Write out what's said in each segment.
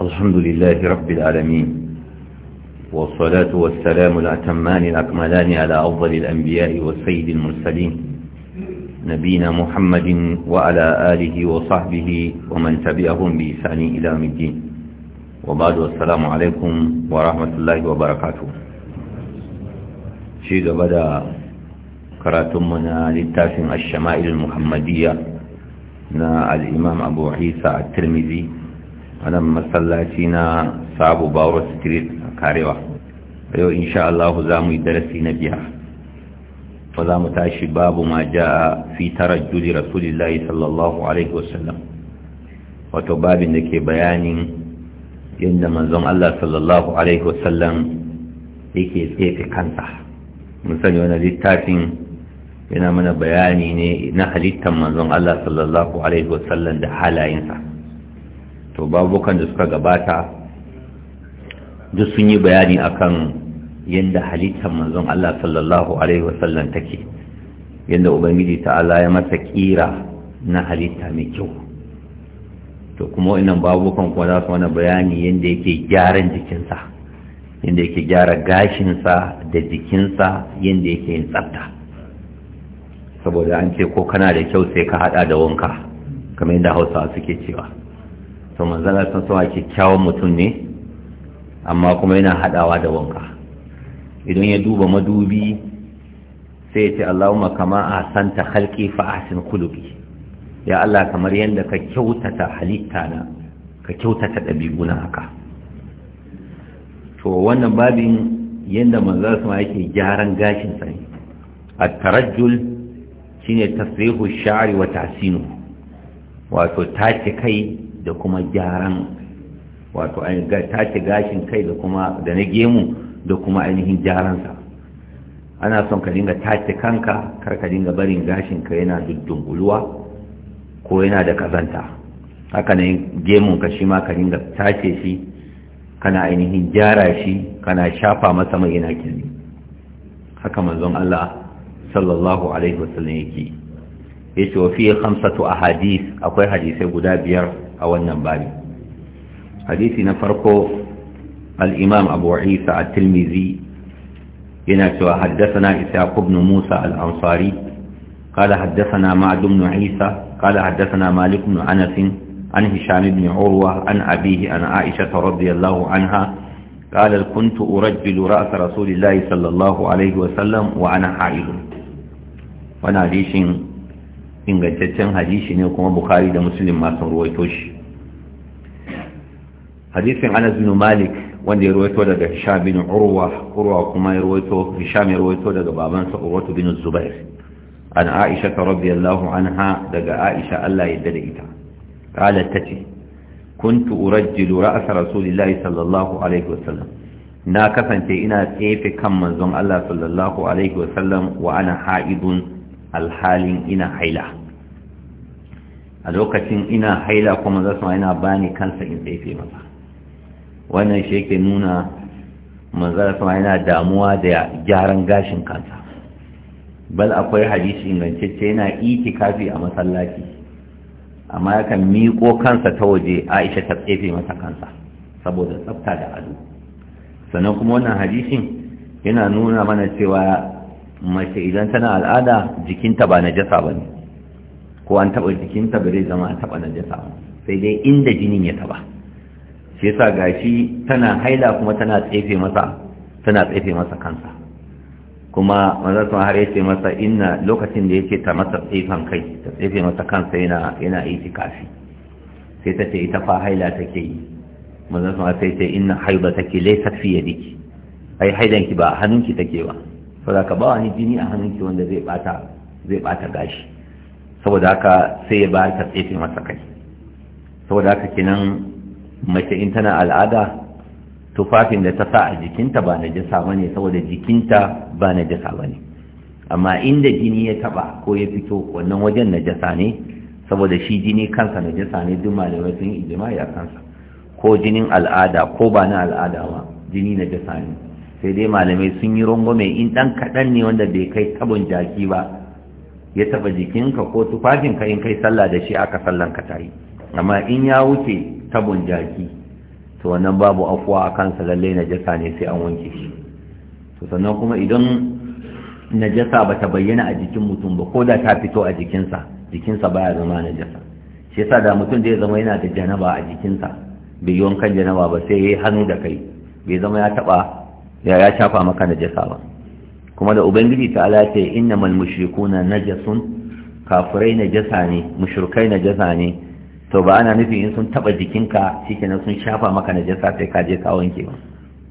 الحمد لله رب العالمين والصلاة والسلام الأتمان الأكملان على أفضل الأنبياء والسيد المرسلين نبينا محمد وعلى آله وصحبه ومن تبعهم بإحسان إلى يوم الدين وبعد والسلام عليكم ورحمة الله وبركاته شيء بدأ كراتمنا للتاسم الشمائل المحمدية نا الإمام أبو عيسى الترمذي a masallaci na sabu bawar street a karewa yau insha Allah za mu yi darasi na biya ba za mu tashi babu ma ja a fi juli rasulillahi sallallahu alaihi wasallam wato babin da ke bayanin yadda manzon Allah sallallahu alaihi wasallam yake tsefe kansa mun sani wani littafin yana mana bayani ne na halittar manzon Allah sallallahu alaihi wasallam da halayensa to babukan da suka gabata duk sun yi bayani akan yadda halittar manzon Allah sallallahu Alaihi wasallam take yadda ubangiji ta'ala ya masa kira na halitta mai kyau to kuma wannan babukan kuma za su wani bayani yadda yake gyaran jikinsa yadda yake gyara gashinsa da jikinsa yadda yake yin tsafta saboda an ce ko kana da kyau sai ka hada da wanka kamar yadda hausa suke cewa to manzala sun sawa kyakkyawan mutum ne amma kuma yana haɗawa da wanka idan ya duba madubi sai ya ce Allahumma kama a santa halki fa kulubi ya Allah kamar yadda ka kyautata halitta na ka kyautata ɗabi'u na haka to wannan babin yadda manzala sun yake gyaran gashin sani ne tarajjul shine tasrihu sha'ri wa tasinu wato tace kai da kuma gyaran wato tace gashin kai da kuma da na gemu da kuma ainihin gyaransa ana son ka dinga tace kanka kar ka dinga barin gashin ka yana duddunguluwa ko yana da kazanta haka ne gemun ka shi ma ka dinga tace shi kana ainihin gyara shi kana shafa masa mai yana kyalli haka manzon Allah sallallahu alaihi wasallam yake yace wa fi khamsatu ahadith akwai hadisai guda biyar a wannan bari hadisi na farko al’imam abu isa a tilmizi yana cewa haddasa isaac ibn musa al’ansari kada haddasa na ma’adum na isa kada haddasa malik na anasin an hisham ibn urwa an abihi an aisha ta radiyallahu anha kada kuntu urajjilu ra’asa rasulillahi sallallahu alaihi wasallam wa ana ha’ilun wana rishin ingantaccen hadisi ne kuma bukhari da musulun masu sun ruwaito shi hadisin anas bin malik wanda ya ruwaito daga hisham bin urwa urwa kuma ya ruwaito hisham ya ruwaito daga babansa urwatu bin zubair an aisha ta radiyallahu anha daga aisha Allah ya dade ita qalat tati kuntu urajjilu ra's rasulillahi sallallahu alaihi wasallam na kasance ina tsefe kan manzon Allah sallallahu alaihi wasallam wa ana haidun alhalin ina haila a lokacin ina haila kuma za su yana bani kansa in tsaife masa wannan shi yake nuna manzara sama yana damuwa da gyaran gashin kansa bal akwai hadisi ingantacce yana iti kafi a masallaci amma yakan miko kansa ta waje aisha ta tsefe masa kansa saboda tsafta da ado sannan kuma wannan hadisin yana nuna mana cewa mace idan tana al'ada jikinta ba na jasa ba ne ko an taɓa jikinta ba zai zama a taɓa najasa sai dai inda jinin ya taɓa shi yasa gashi tana haila kuma tana tsefe masa tana tsefe masa kansa kuma maza sun har yace masa inna lokacin da yake ta masa tsefan kai ta tsefe masa kansa yana yana kafi sai ta ce ita fa haila take yi maza sun sai ce inna haida take laysa fi yadiki ai haidanki ba hannunki take ba saboda ka ba wani jini a hannunki wanda zai bata gashi saboda haka sai ya ba ta tsefe masa kai saboda haka kenan mace in tana al'ada tufafin da ta sa a jikinta ba na jasa ba ne saboda jikinta ba na jasa ba amma inda jini ya taba ko ya fito wannan wajen na jasa ne saboda shi jini kansa na jasa ne duk malamai sun yi ijimai a kansa ko jinin al'ada ko ba na al'ada ba jini na jasa ne sai dai malamai sun yi rungume in ɗan kaɗan ne wanda bai kai tabon jaki ba ya taɓa jikinka ko tufafinka in kai sallah da shi aka sallanka ta yi amma in ya wuce tabon jaki to wannan babu afuwa a kansa lallai najasa ne sai an wanke shi to sannan kuma idan najasa ba ta bayyana a jikin mutum ba ko da ta fito a jikinsa jikinsa baya zama najasa shi yasa da mutum da ya zama yana da janaba a jikinsa bai yi wankan janaba ba sai ya yi hannu da kai bai zama ya taɓa ya ya shafa maka najasa ba kuma da ubangiji ta ala ce innamal mushrikuna najasun kafirai najasa ne mushrikai najasa ne to ba ana nufin in sun taba jikinka shikenan sun shafa maka najasa sai ka je ka wanke ba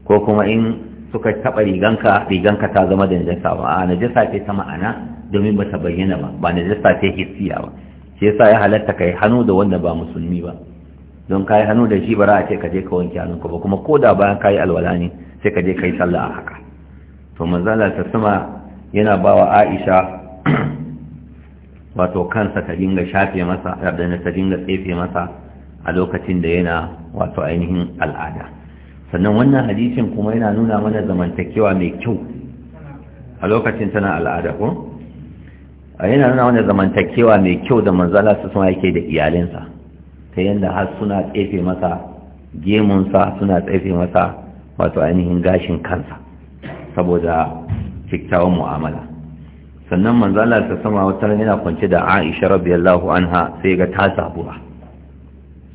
ko kuma in suka taba riganka riganka ta zama da najasa ba a najasa ce ta ma'ana domin ba ta bayyana ba ba najasa ce hissiya ba shi yasa ya halatta kai hannu da wanda ba musulmi ba don kai hannu da shi bara a ce ka je ka wanke hannunka ba kuma ko da bayan kai alwala ne sai ka je kai sallah a haka to manzala ta sama yana bawa Aisha wato kansa ta dinga shafe masa abin ta dinga tsefe masa a lokacin da yana wato ainihin al'ada sannan wannan hadisin kuma yana nuna mana zamantakewa mai kyau a lokacin tana al'ada ko yana nuna mana zamantakewa mai kyau da manzala ta sama yake da iyalinsa ta yadda har suna tsefe masa gemunsa suna tsefe masa wato ainihin gashin kansa saboda kyakkyawan mu'amala sannan manzala ta sama wata yana kwance da aisha rabiyallahu anha sai ga ta sabuwa.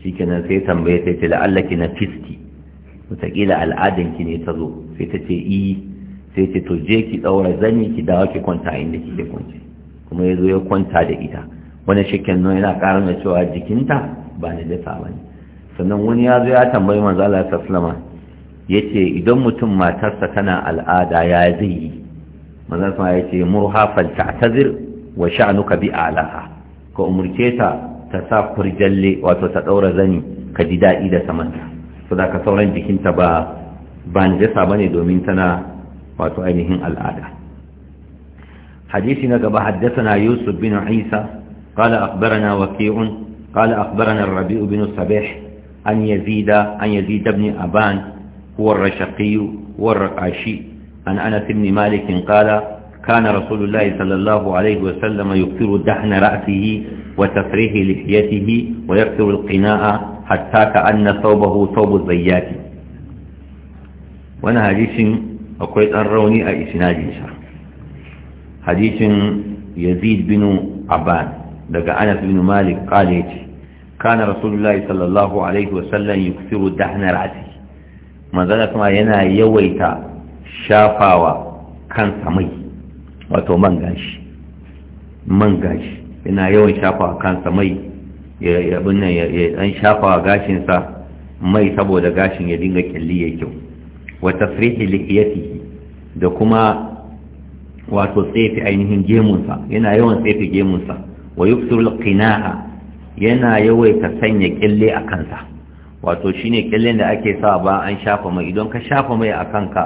shikenan sai tambaye sai ta la'allaki na fisti al'adan ki ne ta zo sai ta ce i eh. sai ta to je ki ɗaura zani ki dawo ki kwanta inda kike kwance kuma ya zo ya kwanta da ita wani shakken nan yana ƙarar cewa jikinta ba ni da ba sannan wani ya zo ya tambayi manzala ta sulama yace idan mutum matarsa tana al'ada ya zai yi manzon sama yace murha fal ta'tazir wa sha'nuka bi alaha ka umurce ta ta sa kurjalle wato ta daura zani ka ji dadi da samanta saboda ka sauran jikinta ba ba najasa bane domin tana wato ainihin al'ada حديث نقب حدثنا يوسف بن عيسى قال أخبرنا وكيع قال أخبرنا الربيع بن الصبيح أن يزيد, أن يزيد بن أبان والرشقي والرقاشي عن أنس بن مالك قال كان رسول الله صلى الله عليه وسلم يكثر دحن رأسه وتفريح لحيته ويكثر القناء حتى كأن ثوبه ثوب الزيات وانا حديث أقويت أن روني أئسناد حديث يزيد بن عبان لقى أنس بن مالك قال كان رسول الله صلى الله عليه وسلم يكثر دحن رأسه manzana kuma yana yawaita shafawa kansa mai wato man gashi man gashi yana yawan shafawa kansa mai ya abin nan ya dan shafawa gashinsa mai saboda gashin ya dinga kyalli ya kyau wa tasrihi lihiyatihi da kuma wato tsefi ainihin gemunsa yana yawan tsefi gemunsa wa yuksiru qinaa yana yawaita sanya kyalle a kansa wato shine kyallen da ake sa ba an shafa mai idan ka shafa mai a kanka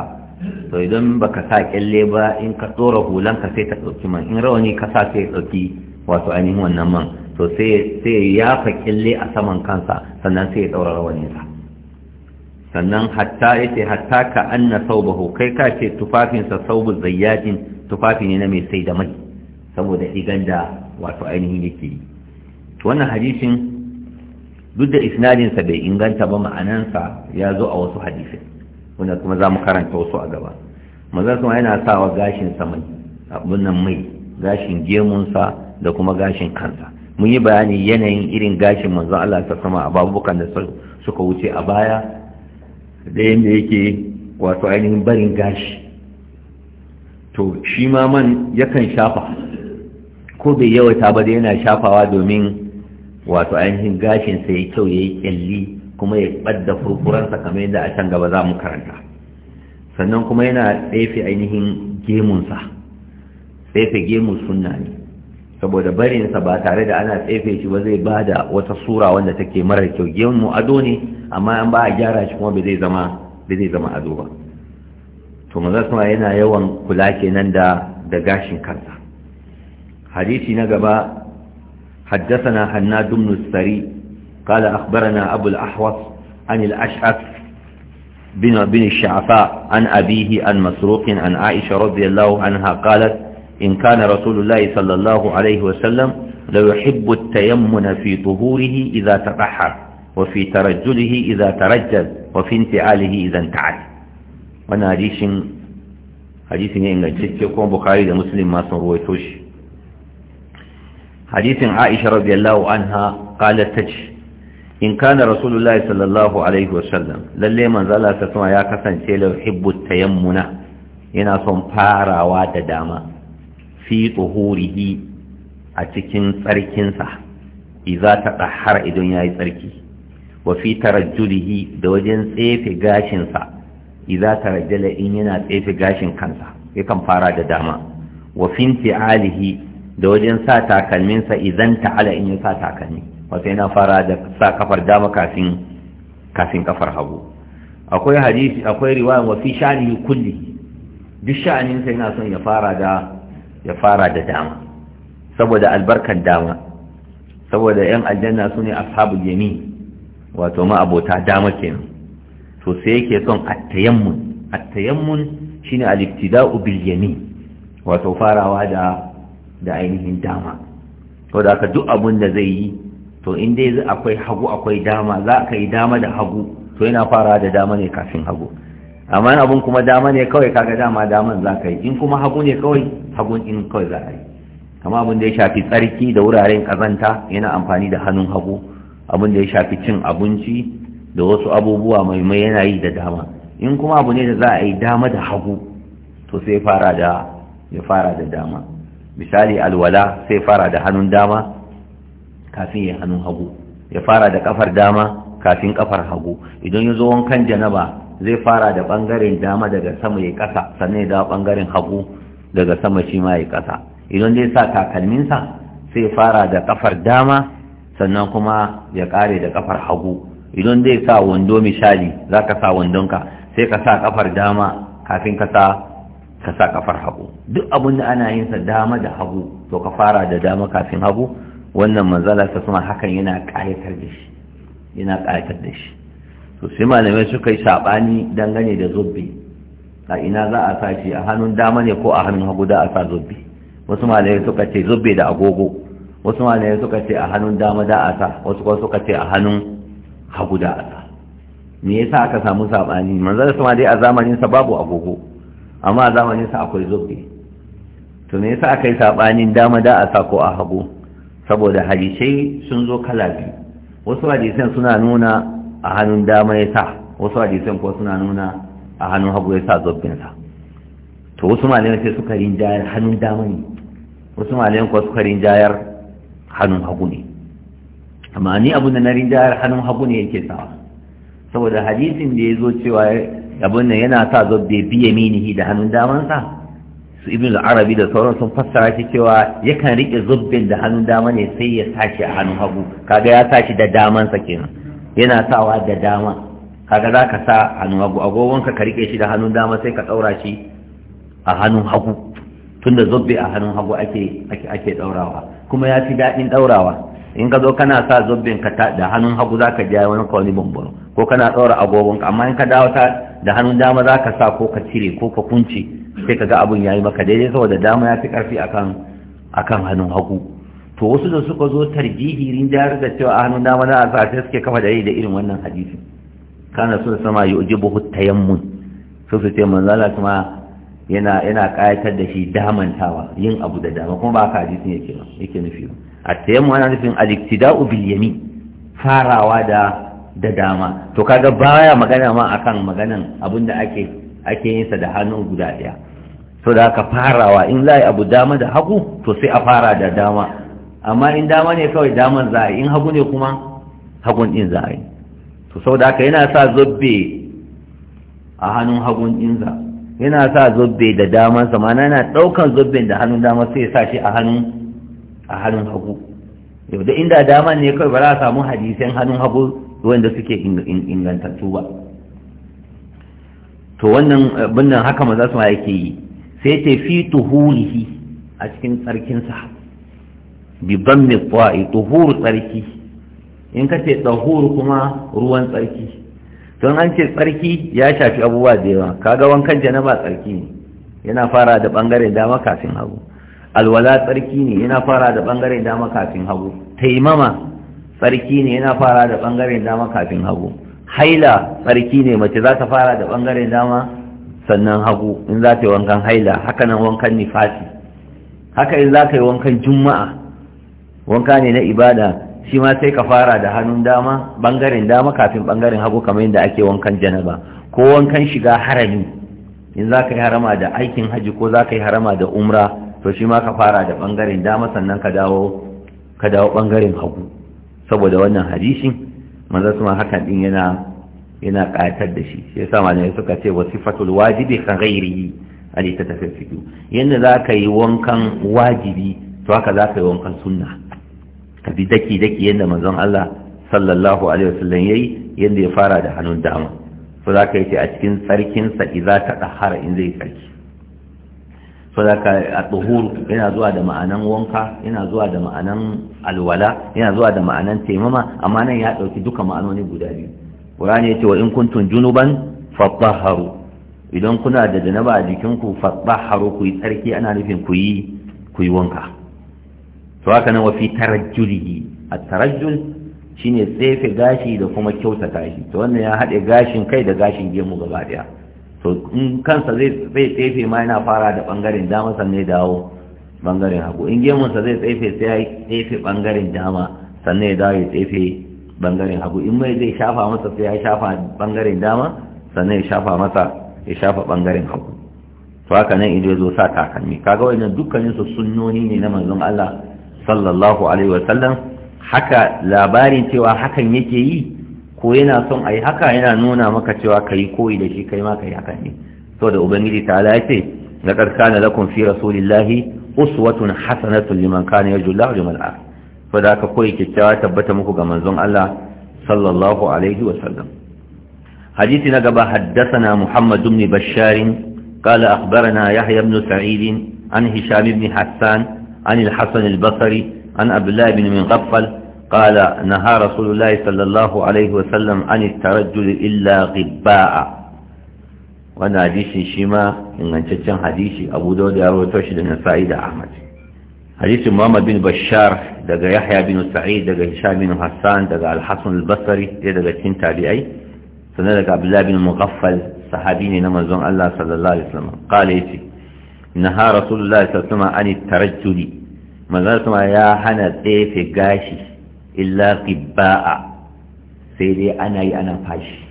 to idan baka sa kyalle ba in ka tsora hulan ka sai ta dauki man in rawani ka sa sai dauki wato ainihin wannan man to sai sai ya fa kyalle a saman kansa sannan sai ya ɗaura rawanin sa sannan hatta yace hatta ka anna saubahu kai ka ce tufafin sa saubu tufafi ne na mai sai da mai saboda idan da wato ainihin yake wannan hadisin duk da isnadinsa bai inganta ba ma'anansa ya zo a wasu hadisai wanda kuma za mu karanta wasu a gaba maza kuma yana sawa gashin sa mai abunan mai gashin gemunsa da kuma gashin kansa mun yi bayani yanayin irin gashin manzo Allah ta sama a babukan da suka wuce a baya da yadda yake wato ainihin barin gashi to shi ma man yakan shafa ko bai yawata ba da yana shafawa domin wato ainihin gashin sai kyau yayi kyalli kuma ya badda furfuransa kamar yadda a can gaba za mu karanta sannan kuma yana tsefe ainihin gemunsa tsefe gemu sunna ne saboda barinsa ba tare da ana tsefe shi ba zai ba da wata sura wanda take marar kyau gemu ado ne amma an ba a gyara shi kuma ba zai zama ado ba to maza suna yana yawan kula kenan da da gashin kansa hadisi na gaba حدثنا حناد بن السري قال أخبرنا أبو الأحوص عن الأشعث بن بن الشعفاء عن أبيه عن مسروق عن عائشة رضي الله عنها قالت إن كان رسول الله صلى الله عليه وسلم ليحب يحب التيمن في طهوره إذا تطهر وفي ترجله إذا ترجل وفي انتعاله إذا انتعل وانا حديث حديث ينجد كيف بخاري مسلم ما سنرويتوش hadisin aisha radiyallahu anha qalat tace in kana rasulullahi sallallahu alaihi wasallam lalle manzo Allah ta sama ya kasance la hibbu tayammuna yana son farawa da dama fi tuhurihi a cikin tsarkinsa idza ta idan yayi tsarki wa fi tarajjulihi da wajen tsefe gashinsa idza tarajjala in yana tsefe gashin kansa yakan fara da dama wa fi inti'alihi da wajen sa takalminsa idan ta'ala in ya sa takalmi wato yana fara da sa kafar dama kafin kafar hagu akwai hadisi akwai riwaya wa fi sha'ani kulli duk sha'aninsa yana son ya fara da ya fara da dama saboda albarkar dama saboda yan aljanna sune ashabul yamin wato ma abota dama kenan to sai yake son at-tayammun at-tayammun shine al-ibtida'u bil yamin wato farawa da da ainihin dama to da aka duk abin da zai yi to in dai akwai hagu akwai dama za ka yi dama da hagu to yana fara da dama ne kafin hagu amma abun kuma dama ne kawai kaga dama daman za ka yi in kuma hagu ne kawai hagun in kawai za a yi amma abin da ya shafi tsarki da wuraren kazanta yana amfani da hannun hagu abin da ya shafi cin abinci da wasu abubuwa mai mai yana yi da dama in kuma abu ne da za a yi dama da hagu to sai fara da ya fara da dama misali alwala sai fara da hannun dama kafin ya hannun hagu ya fara da kafar dama kafin kafar hagu idan ya zo wankan janaba zai fara da bangaren dama daga sama ya kasa sannan ya dawo bangaren hagu daga sama shi ma ya kasa idan zai sa takalminsa sai fara da kafar dama sannan kuma ya kare da kafar hagu idan zai sa wando misali za ka sa wandonka sai ka sa kafar dama kafin ka sa ka sa kafar hagu duk abin da ana yin sa dama da hagu to ka fara da dama kafin hagu wannan manzala ta suma hakan yana ƙayatar da shi yana ƙayatar da shi to sai malamai suka yi saɓani dangane da zubbi a ina za a sa shi a hannun dama ne ko a hannun hagu da a sa zubbi wasu malamai suka ce zubbi da agogo wasu malamai suka ce a hannun dama da a sa wasu kuma suka ce a hannun hagu da a sa me yasa aka samu saɓani manzala suma dai a zamanin sa babu agogo amma a zamanin sa akwai zubdi to me yasa aka yi sabanin dama da a sako a hagu saboda hadisai sun zo kala biyu wasu hadisan suna nuna a hannun dama ya sa wasu hadisan ko suna nuna a hannun hagu ya sa zubbin sa to wasu malamai sai suka rinjayar hannun dama ne wasu malamai ko suka rinjayar hannun hagu ne amma ni abu da na rinjayar hannun hagu ne yake sawa saboda hadisin da ya zo cewa abin nan yana sa zobbe biye minihi da hannun damansa su ibn al-arabi da sauran sun fassara shi cewa yakan rike zubbin da hannun dama ne sai ya sashi a hannun hagu kaga ya sashi da damansa kenan yana sawa da dama kaga za ka sa hannun hagu agogonka ka rike shi da hannun dama sai ka ɗaura shi a hannun hagu tunda zubbi a hannun hagu ake ake ɗaurawa kuma ya fi daɗin ɗaurawa in ka zo kana sa zubbin ka da hannun hagu za ka ja wani kawai bambaro ko kana ɗaura agogonka amma in ka dawo ta da hannun dama za ka sa ko ka cire ko ka kunce sai ka ga abin ya yi maka daidai saboda dama ya fi ƙarfi a kan hannun hagu to wasu da suka zo tarjihi rinjayar da cewa a hannun dama na a sai suke kafa da da irin wannan hadisi kana sun sama yi uji buhu tayammun sun su ce manzala kuma yana yana kayatar da shi damantawa yin abu da dama kuma ba ka hadisin yake nufi a tayammun ana nufin aliktida iktidau Bilyami, farawa da da dama to kaga baya magana ma akan maganan abinda ake ake yin sa da hannu guda daya to da ka farawa in za abu dama da hagu to sai a fara da dama amma in dama ne kawai daman za a in hagu ne kuma hagun din za a yi to saboda haka yana sa zobbe a hannun hagun za, yana sa zobbe da sa ma yana ɗaukan zobben da hannun dama sai ya sa shi a hannun a hannun hagu yau da inda dama ne kawai ba za a samu hadisan hannun hagu wanda suke ingantattu ba to wannan binnan haka maza su ma yake yi sai ta fi tuhurihi a cikin tsarkinsa bi mai kwa'i tuhur tsarki in ka ce tsahur kuma ruwan tsarki don an ce tsarki ya shafi abubuwa da yawa kaga wankan janaba tsarki ne yana fara da bangaren dama kafin hagu alwala tsarki ne yana fara da bangaren dama kafin hagu taimama tsarki ne yana fara da ɓangaren dama kafin hagu haila tsarki ne mace za ta fara da ɓangaren dama sannan hagu in za ta yi wankan haila haka nan wankan nifasi haka in za ka yi wankan juma'a wanka ne na ibada shi ma sai ka fara da hannun dama ɓangaren dama kafin ɓangaren hagu kamar yadda ake wankan janaba ko wankan shiga harami in za ka yi harama da aikin haji ko za ka yi harama da umra to shi ma ka fara da ɓangaren dama sannan ka dawo ka dawo ɓangaren hagu saboda wannan hadisin manzo kuma hakan din yana yana ƙayatar da shi sai yasa malamai suka ce wasifatul wajibi ka ghairihi a littattafin fiqh yanda za ka yi wankan wajibi to haka za ka yi wankan sunna ka bi daki daki yanda manzon Allah sallallahu alaihi wasallam yayi yanda ya fara da hannun dama so za ka yi ce a cikin tsarkin sa idza ta dahara in zai tsarki ka a tsohuru yana zuwa da ma'anan wanka yana zuwa da ma'anan alwala yana zuwa da ma'anan taimama amma nan ya ɗauki duka ma'anoni guda biyu ƙurani ya ce wa in kuntun junuban fattaharu idan kuna da janaba a jikinku fattaharu ku yi tsarki ana nufin ku yi ku yi wanka to haka nan wafi fi a tarajjul shine tsefe gashi da kuma kyautata shi to wannan ya haɗe gashin kai da gashin gemu gaba ɗaya? to in kansa zai tsefe ma yana fara da bangaren dama sannan ya dawo bangaren hagu in gemunsa zai tsefe sai ya tsefe bangaren dama sannan ya dawo ya tsefe bangaren hagu in mai zai shafa masa sai ya shafa bangaren dama sannan ya shafa masa ya shafa bangaren hagu to haka nan idan zo sa takalmi kaga wannan dukkanin su sunnoni ne na manzon Allah sallallahu alaihi wa sallam. haka labarin cewa hakan yake yi ko yana son a yi haka yana nuna maka cewa ka yi koyi da shi kai ma ka yi haka ne so da ubangiji ta ala ce na karka na lakon fi rasulillahi uswatun hasanatun liman kana yarju Allah wal akhir da ka koyi kyakkyawa tabbata muku ga manzon Allah sallallahu alaihi wa sallam hadisi na gaba haddathana Muhammad ibn Bashar kala أخبرنا يحيى بن سعيد an هشام بن حسان عن الحسن البصري an أبلا بن من غفل قال نهى رسول الله صلى الله عليه وسلم عن الترجل إلا غباء وانا حديث شما إن أنتشان حديث أبو داود أروتوش بن سعيد أحمد حديث محمد بن بشار دقى يحيى بن سعيد دقى هشام بن حسان دقى الحسن البصري دقى تين تابعي سنة دقى عبد الله بن مغفل صحابيني نمزون الله صلى الله عليه وسلم قال يتي نهى رسول الله صلى الله عليه وسلم عن الترجل ما سمع يا حنا تيفي قاشي illa qibba'a sai dai ana yi ana fashi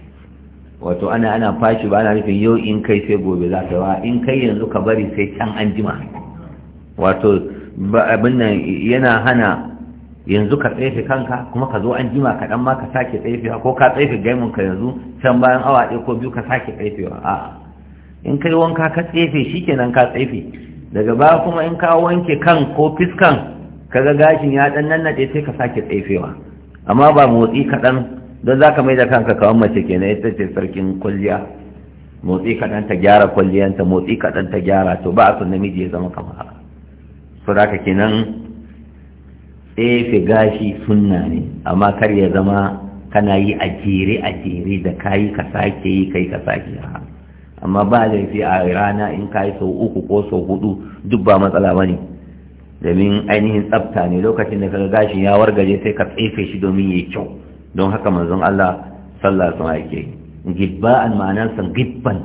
wato ana ana fashi ba ana nufin yau in kai sai gobe za ka wa in kai yanzu ka bari sai can an jima wato abin nan yana hana yanzu ka tsefe kanka kuma ka zo an jima kaɗan ma ka sake tsefewa ko ka tsefe gaimun ka yanzu can bayan awa ɗaya ko biyu ka sake tsefewa a in kai wanka ka tsefe shikenan ka tsefe daga baya kuma in ka wanke kan ko fiskan kaga gashin ya dan nannade sai ka sake tsaifewa amma ba motsi kaɗan don zaka mai da kanka kawan mace kenan ita ce sarkin kwalliya motsi kaɗan ta gyara kwalliyanta motsi kadan ta gyara to ba a namiji ya zama kamar haka su da kenan tsefe gashi sunna ne amma kar ya zama kana yi a jere a jere da kayi ka sake yi kai ka sake amma ba laifi a rana in kayi sau uku ko sau hudu duk ba matsala ba ne domin ainihin tsafta ne lokacin da kaga gashin ya wargaje sai ka tsefe shi domin yi kyau don haka manzon Allah sallallahu alaihi wasallam yake an ma'anar san gibban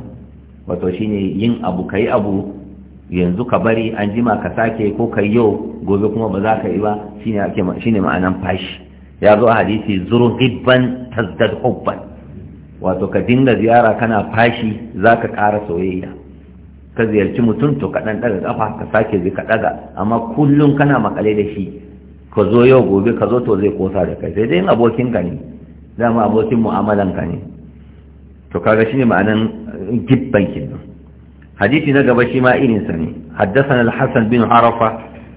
wato shine yin abu kai abu yanzu ka bari an jima ka sake ko kai yau gobe kuma ba za ka yi ba shine ake ma'anar fashi ya zo a hadisi zuru gibban tazdad hubban wato ka dinga ziyara kana fashi za ka ƙara soyayya ka ziyarci mutum to ka ɗan ɗaga ƙafa ka sake zai ka ɗaga amma kullum kana makale da shi ka zo yau gobe ka zo to zai kosa da kai sai dai ka ne dama abokin ka ne to kaga shine ma'anan eh, gibban kenan hadisi na gaba shi ma irin sa ne haddathana al-hasan bin harafa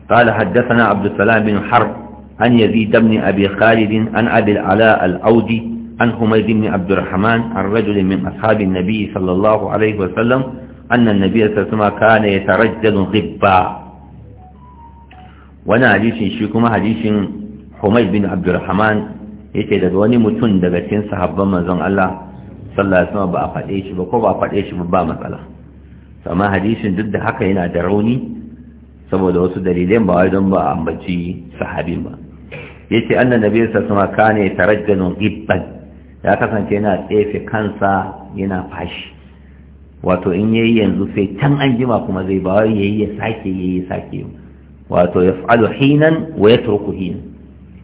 qala haddathana abd salam bin harb an yazid ibn abi khalid an abi al-ala al-audi an humayd ibn abd الرحمن min من أصحاب النبي صلى الله عليه annan nabi sallallahu alaihi kana yatarajjalu ghibba wannan hadisin shi kuma hadisin Humayd bin Abdurrahman yake daga wani mutum daga cikin sahabban manzon Allah sallallahu alaihi wasallam ba a faɗe shi ba ko ba a faɗe shi ba ba matsala amma hadisin duk da haka yana da rauni saboda wasu dalilan ba wai don ba ambaci sahabin ba yace annan nabi sallallahu alaihi wasallam kana yatarajjalu ghibban ya kasance yana tsefe kansa yana fashi wato in yayi yanzu sai can an jima kuma zai ba yayi ya sake yayi yi sake wato ya fa’alu hinan wa turku hinan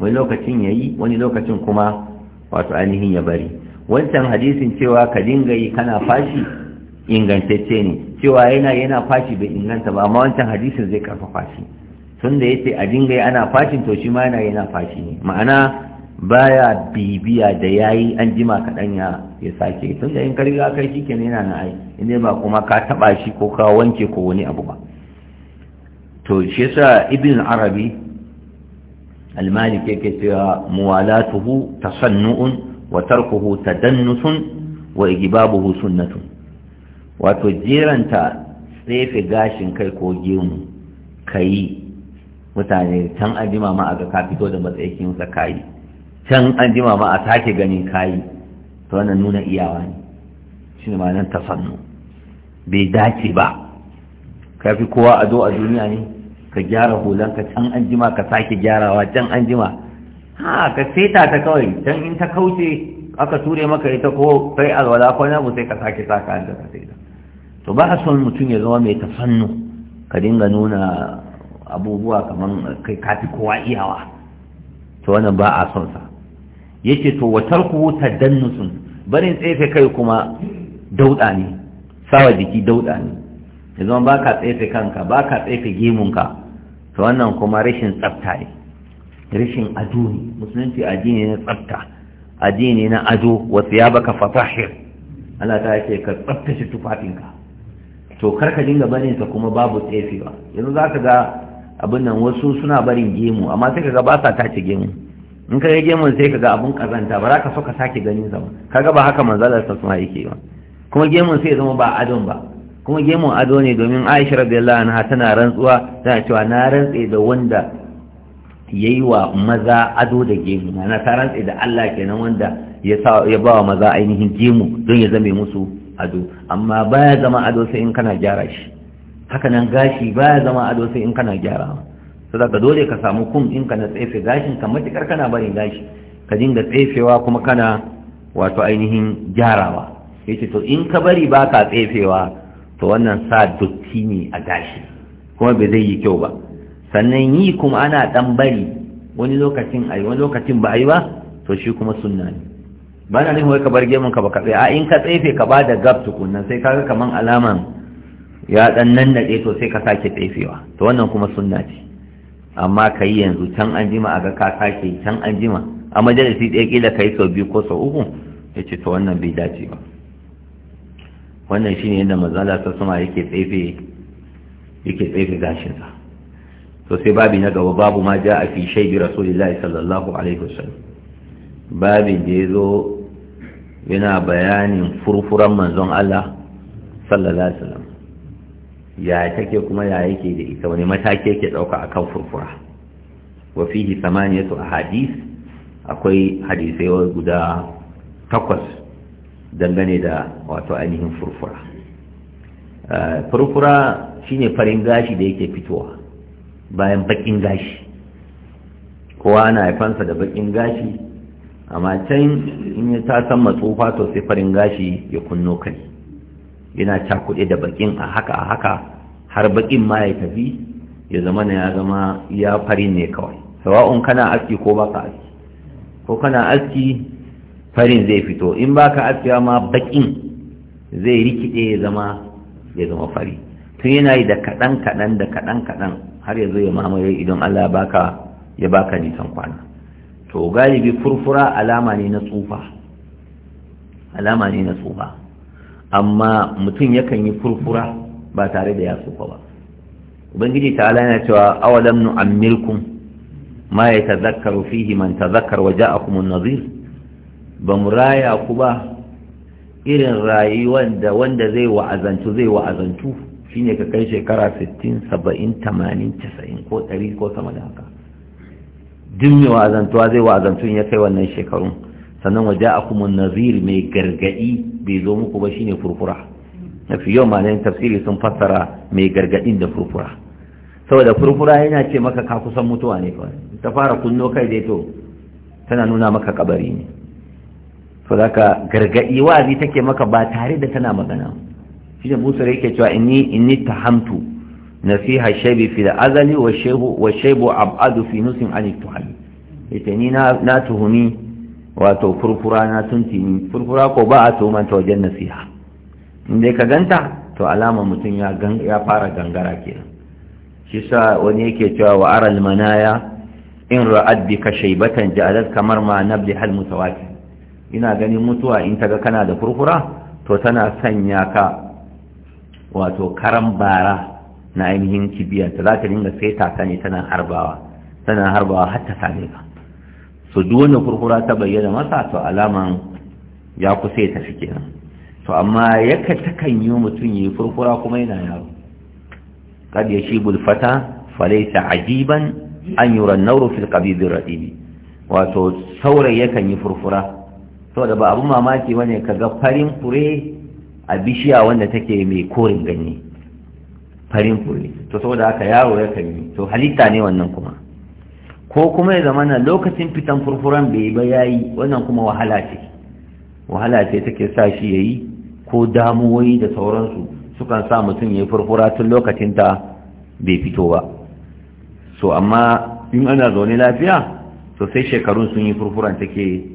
wani lokacin yayi wani lokacin kuma wato ainihin ya bari wancan hadisin cewa ka dinga yi kana fashi ingantacce ne cewa yana yana fashi bai inganta ba amma wancan hadisin zai karfa fashi. tun da yace a dinga yi ana fashin to shi ma yana yana fashi ne ma'ana baya bibiya da yayi an jima kaɗan ya ya sake tun da in ka kai shi kenan yana na ai in ba kuma ka taba shi ko ka wanke ko wani abu ba to shi yasa ibn arabi al yake cewa muwalatuhu tasannu'un wa tarkuhu tadannusun wa ijbabuhu sunnatun wato jeranta tsefe gashin kai ko gemu kayi mutane can ajima ma a ga ka fito da matsayin sa kayi can an ma a sake ganin kayi to wannan nuna iyawa ne shi ne ma'anar tafannu bai dace ba ka fi kowa a zo a duniya ne ka gyara hulanka can an jima ka sake gyarawa can an jima ha ka seta ta kawai can in ta kauce aka ture maka ita ko kai alwala ko na sai ka sake saka an da ka seta to ba a son mutum ya zama mai tafannu ka dinga nuna abubuwa kamar kai kafi kowa iyawa to wannan ba a son sa yace to wa tarkuhu tadannusun barin tsefe kai kuma dauda ne sawa jiki dauda ne ya zama ka tsefe kanka ba ka tsefe gemunka to wannan kuma rashin tsafta ne rashin ado ne musulunci addini na tsafta addini na ado wa thiyabaka fatahir Allah ta yake ka tsaftace tufafinka to karka dinga barin sa kuma babu tsefewa yanzu zaka ga abin nan wasu suna barin gemu amma sai ka ga ba sa tace gemu in ka rage mun sai kaga abun kazanta ba za ka so ka sake ganin sa ba kaga ba haka manzalar sa kuma yake ba kuma gemun sai zama ba adon ba kuma gemun ado ne domin Aisha radiyallahu anha tana rantsuwa tana cewa na rantse da wanda yayi wa maza ado da gemu na ta rantse da Allah kenan wanda ya sa ya ba wa maza ainihin gemu don ya zame musu ado amma baya zama ado sai in kana gyara shi haka nan gashi baya zama ado sai in kana gyara sai ka dole ka samu kum in ka na tsefe gashin ka matukar kana barin gashi ka dinga tsefewa kuma kana wato ainihin gyarawa yace to in ka bari ba ka tsefewa to wannan sa dotti ne a gashi kuma bai zai yi kyau ba sannan yi kuma ana dan bari wani lokacin ayi wani lokacin ba ayi ba to shi kuma sunna ne ba na nufin wai ka bar gemun ka ba ka a in ka tsefe ka ba da gab tukunna sai kaga kaman alaman ya dan nan nade to sai ka sake tsefewa to wannan kuma sunna ce amma ka yi yanzu can an jima a ga ka sake can an jima a majalisi ɗaya ƙila ka yi sau biyu ko sau uku ya ce ta wannan bai dace ba wannan shi ne yadda mazala ta sama yake tsefe yake tsefe gashinsa to sai babi na gaba babu ma ja a fi shaibi rasulillahi sallallahu alaihi wasallam babin da ya zo yana bayanin furfuran manzon Allah sallallahu alaihi wasallam ya take kuma ya yake da ita wani matake ke dauka akan furfura wa fihi samaniyatu ahadith akwai hadisai guda takwas dangane da wato ainihin furfura eh, furfura shine farin gashi da yake fitowa bayan bakin gashi kowa na haifansa da bakin gashi amma can in ya ta san matsofa to sai farin gashi ya kunno kai yana cakuɗe da bakin a haka a haka har bakin ma ya tafi ya zama na ya zama ya fari ne kawai sawa'un kana aski ko baka aski ko kana aski farin zai fito in baka aski ma bakin zai rikide ya zama ya zama fari tun yana yi da kaɗan kaɗan da kaɗan kaɗan har yanzu ya mamaye idan Allah ya baka ya baka nisan kwana to galibi furfura alama ne na tsufa alama ne na tsufa amma mutum yakan yi furfura ba tare da ya tsufa ba ubangiji ta'ala yana cewa awalam nu'ammirkum ma yatazakkaru fihi man tazakkar waje a kuma Nazir? ba mu raya ku ba irin rayuwar da wanda zai wa'azantu zai wa'azantu shi ne ka kai shekara 60 70 80 90 ko 100 ko sama da haka duk mai wa'azantuwa zai in ya kai wannan shekarun sannan waje akumun nazir mai gargadi bai zo muku ba shine furfura mafi yau malayin tafsiri sun fassara mai gargadin da furfura saboda furfura yana ce maka ka kusan mutuwa ne kawai ta fara kunno kai dai to tana nuna maka kabari ne saboda gargadi wazi take maka ba tare da tana magana shi da musa yake cewa inni inni tahamtu nasiha shaybi fi azali wa shaybu wa shaybu abadu fi nusin an tuhami ita ni na tuhumi wato furfura na tuntuni furfura ko ba a tumanta wajen nasiha inda ka ganta to alama mutum ya fara gangara kenan shi sa wani yake cewa wa aral manaya in ra'ad ka shaibatan ja'alat kamar ma nabli hal mutawati ina ganin mutuwa in taga kana da furfura to tana sanya ka wato karan bara na ainihin kibiyanta za ta dinga sai taka ne tana harbawa tana harbawa har ta same ka so duk wannan kurkura ta bayyana masa to alaman ya kusa ta fike nan. to amma yaka takan yi mutum yi furfura kuma yana yaro kad ya shibul fata falaisa ajiban an yura nauru fil qabibir radibi wato saurai yakan yi furfura da ba abun mamaki bane kaga farin fure a bishiya wanda take mai korin ganye farin fure to saboda haka yaro yakan yi to halitta ne wannan kuma ko kuma ya zama na lokacin fitan furfuran bai ba ya yi wannan kuma wahala ce wahala ce take sa shi ya yi, ko damuwoyi da sauransu sukan sa mutum ya yi furfura tun lokacin ta bai fito ba so amma in ana zaune lafiya to sai shekarun sun yi furfuran take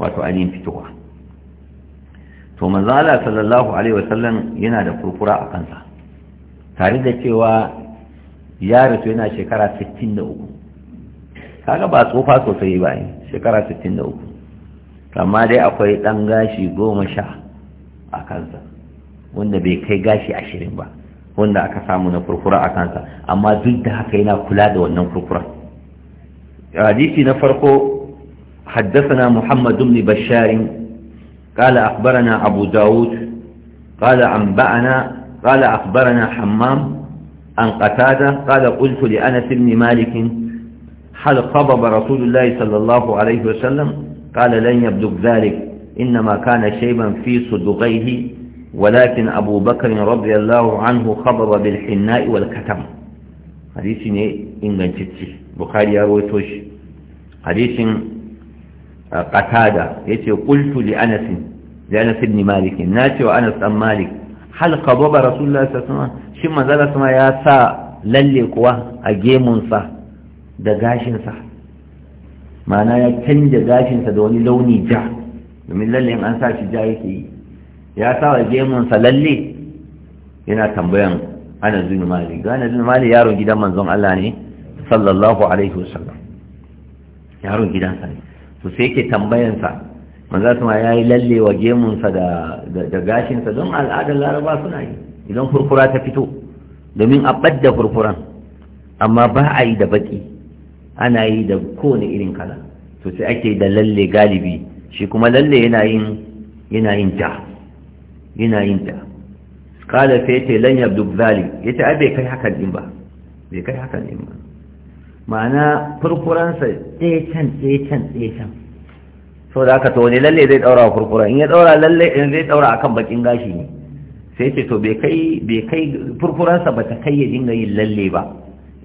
wato ainihin fitowa to manzala sallallahu alaihi wasallam yana da furfura a kansa tare da cewa ya rasu yana shekara 63 kaga ba tsofa sosai ba ne shekara 63 amma dai akwai ɗan gashi goma sha a kansa wanda bai kai gashi ashirin ba wanda aka samu na kurkura a kansa amma duk da haka yana kula da wannan kurkura hadisi na farko حدثنا محمد بن بشار قال أخبرنا أبو داود قال أنبأنا قال أخبرنا حمام عن قتادة قال قلت لأنس بن مالك هل خضب رسول الله صلى الله عليه وسلم قال لن يبدو ذلك إنما كان شيبا في صدغيه ولكن أبو بكر رضي الله عنه خضب بالحناء والكتم حديث إنجنتي بخاري أرويتوش حديث قتادة يتي قلت لأنس لأنس بن مالك ناتي وأنس أم مالك هل خضب رسول الله صلى الله عليه وسلم شما ذلك ما يا سا للي قوة أجيمون صح da gashinsa ma'ana ya canja gashinsa da wani launi ja domin lalle an sa shi ja yake yi ya sa wa gemunsa lalle yana tambayan ana zunu mali ana zunu mali yaron gidan manzon Allah ne sallallahu alaihi wasallam yaron gidansa ne to sai yake sa manzo kuma yayi lalle wa gemunsa da da gashinsa don al'adar laraba suna yi idan furfura ta fito domin a badda furfuran amma ba a yi da baki ana yi da kowane irin kala to sai ake da lalle galibi shi kuma lalle yana yin yana yin ta yana yin ta kala sai ce lan yabdu zalim yace ai bai kai hakan din ba bai kai hakan din ba ma'ana furfuransa ɗaya can ɗaya can can so da haka to ne lalle zai daura furfura in ya daura lalle in zai daura akan bakin gashi ne sai ce to bai kai bai kai furfuransa ba ta kai ya dinga yin lalle ba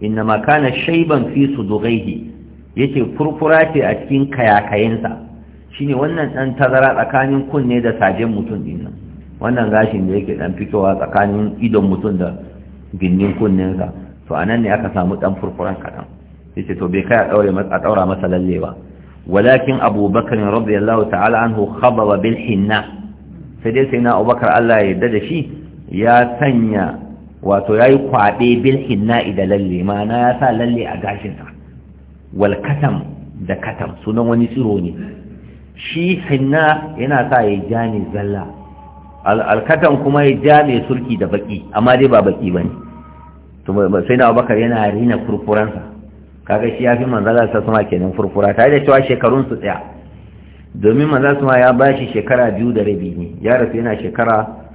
innama kana shaiban fi sudugaihi yake furfura ce a cikin kayakayensa shine wannan dan tazara tsakanin kunne da sajen mutum din nan wannan gashin da yake dan fitowa tsakanin idon mutum da gindin kunnensa to anan ne aka samu dan furfuran kadan yace to bai kai a daure masa daura masa lalle ba walakin abubakar radiyallahu ta'ala anhu khababa bil hinna sai dai sai na abubakar Allah ya yarda da shi ya sanya wato ya yi kwaɗe bil idan da lalle ma'ana ya sa lalle a gashinsa wal katam da katam sunan wani tsiro ne shi hinna yana sa ya ja ne zalla alkatan kuma ya ja mai sulki da baki amma dai ba baki ba ne sai na abubakar yana rina furfuransa kaga shi ya fi manzala sa suma kenan furfura tare da cewa shekarun su tsaya domin manzala suma ya bashi shekara biyu da rabi ne ya rasu yana shekara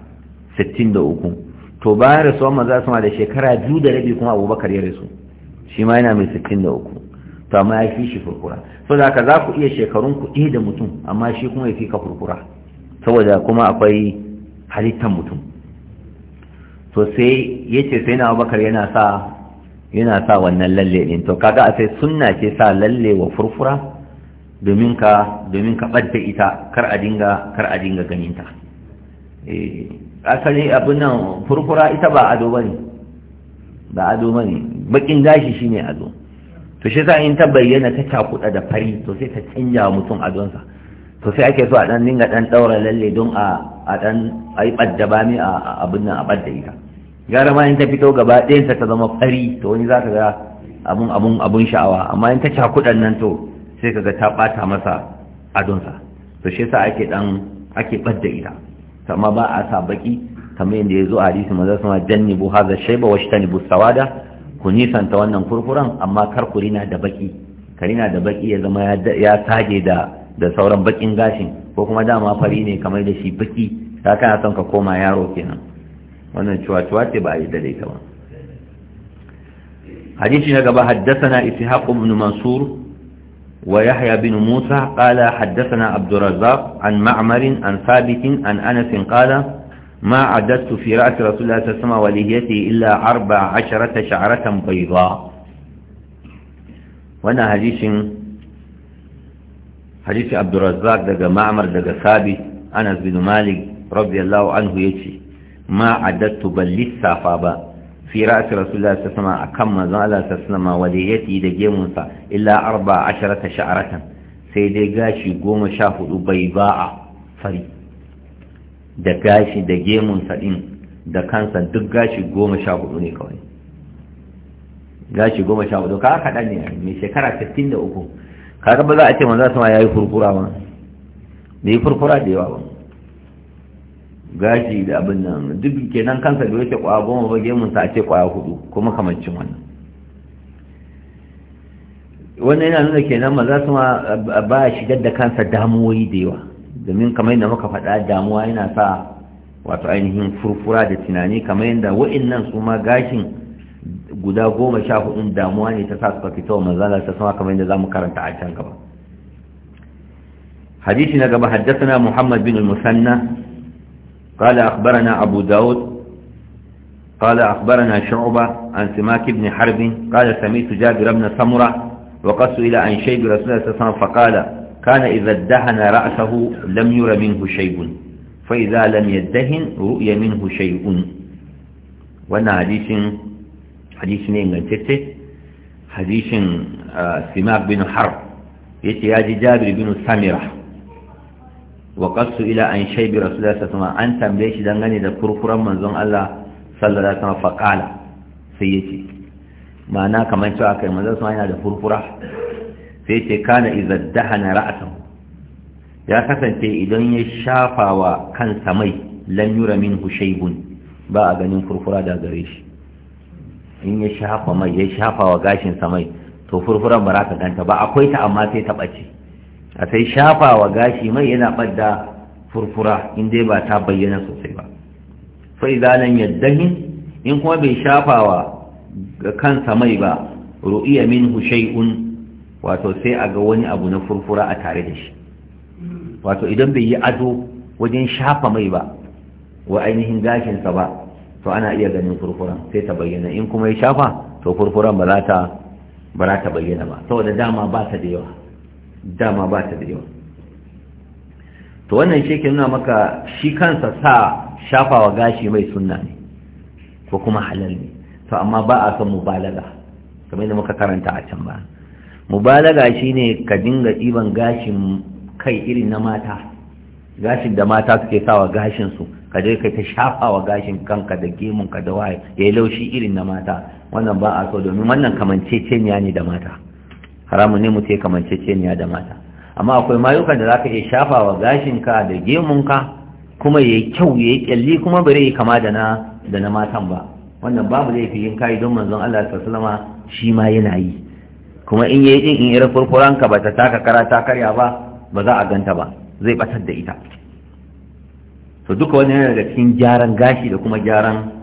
sittin da uku to bayan za su ma da shekara biyu da rabi kuma abubakar ya rasu shi ma yana mai sittin da uku to amma ya fi shi furfura so da haka za ku iya shekarun ku da mutum amma shi kuma ya fi ka furfura saboda kuma akwai halittar mutum to sai ya ce sai na abubakar yana sa yana sa wannan lalle ɗin to kaga a sai sunna ce sa lalle wa furfura domin ka domin ka ɓadda ita kar a dinga kar a dinga ganinta eh. asali abin nan furfura ita ba ado bane ba ado bane bakin gashi shine ado to shi sa in ta bayyana ta takuda da fari to sai ta canja mutum adonsa to sai ake so a dan dinga dan daura lalle don a a dan ai badda ba mi a abin nan a badda ita gara ma in ta fito gaba ɗayan ta zama fari to wani zaka ga abun abun abun sha'awa amma in ta cakuɗan nan to sai kaga ta bata masa adonsa to shi ake dan ake badda ita Sama ba a sa baki kamar yadda ya zo a hadisi maza sama jannibu haza shaiba ta ni sawada ku nisanta wannan kurkuran amma kar ku rina da baki ka rina da baki ya zama ya sage da da sauran bakin gashin ko kuma dama fari ne kamar da shi baki ta kana son ka koma yaro kenan wannan cewa cewa ce ba a yi ta ba hadisi na gaba haddasa na ishaq ibn mansur ويحيى بن موسى قال حدثنا عبد الرزاق عن معمر عن ثابت عن أنس قال ما عددت في رأس رسول الله صلى الله عليه وسلم ولهيته إلا أربع عشرة شعرة بيضاء وانا حديث حديث عبد الرزاق دقى معمر دقى ثابت أنس بن مالك رضي الله عنه يجي ما عددت بل لسه فابا Fira ra'asi rasulullah sallallahu alaihi wasallam akan manzon Allah sallallahu alaihi wasallam waliyati da gemunsa illa arba asharata sha'ratan sai dai gashi goma sha hudu bai ba'a fari da gashi da gemunsa din da kansa duk gashi goma sha hudu ne kawai gashi goma sha hudu ka kaɗan ne me shekara 63 kaga ba za a ce manzon Allah ya yi furfura ba ne furfura da yawa ba gashi da abin nan duk kenan kansa da yake kwaya goma ba gemun sa ce kwaya hudu kuma kamancin wannan wannan yana nuna kenan maza su ma ba shigar da kansa damuwoyi da yawa domin kamar yadda muka faɗa damuwa yana sa wato ainihin furfura da tunani kamar yadda wa'annan su ma gashin guda goma sha hudun damuwa ne ta sa suka fito manzala ta sama kamar yadda za mu karanta a can gaba hadisi na gaba haddasa muhammad bin musanna قال أخبرنا أبو داود قال أخبرنا شعبة عن سماك بن حرب قال سميت جابر بن سمرة وقد سئل عن شيب رسول الله صلى الله عليه وسلم فقال كان إذا ادهن رأسه لم ير منه شيء فإذا لم يدهن رؤي منه شيء وانا حديث حديث نين غنتت حديث سماك بن حرب يتي يا جابر بن سمره Waƙasu ila an shaybi rasulullahi sa alaihi an tambaye shi dangane da furfuran manzon Allah sallallahu sama faƙala sai sai ce ma'ana kamar cewa kai manzon suna yana da furfura sai ce kana idza na ra'atan ya kasance idan ya shafawa kansa mai lam yura min hushaibun ba a ganin furfura da gare shi in ya shafa mai ya shafa wa gashinsa mai to furfuran ba za ka ganta ba akwai ta amma sai ta ɓace a sai shafa wa gashi mai yana ɓadda furfura in dai ba ta bayyana sosai ba sai zanen yaddahin in kuma bai shafa wa kansa mai ba ru'iya min shay'un wato sai a ga wani abu na furfura a tare da shi wato idan bai yi ado wajen shafa mai ba wa ainihin gashinsa ba to ana iya ganin furfuran sai ta bayyana in kuma ya shafa to furfuran ba za ta bayyana ba saboda dama ba ta da yawa dama ba ta da yawa to wannan shi ke nuna maka shi kansa sa shafawa gashi mai sunna ne ko kuma halal ne to amma ba a son mubalaga kamar yadda muka karanta a can ba mubalaga ne ka dinga ɗiban gashin kai irin na mata gashin da mata suke sawa gashin su ka je kai ta shafawa gashin kanka da gemunka da waye ya yi laushi irin na mata wannan ba a so domin wannan kamanceceniya ne da mata haramu ne mutum kamance kamanceceniya da mata amma akwai mayukan da zaka iya shafa wa gashinka da gemunka kuma yayi kyau yayi kyalli kuma bare yi kama da na da na matan ba wannan babu fi yin kai don manzon Allah sallallahu alaihi shi ma yana yi kuma in yayi din in irin ka ba ta taka kara ta karya ba ba za a ganta ba zai batar da ita to duka wannan yana daga cikin gyaran gashi da kuma gyaran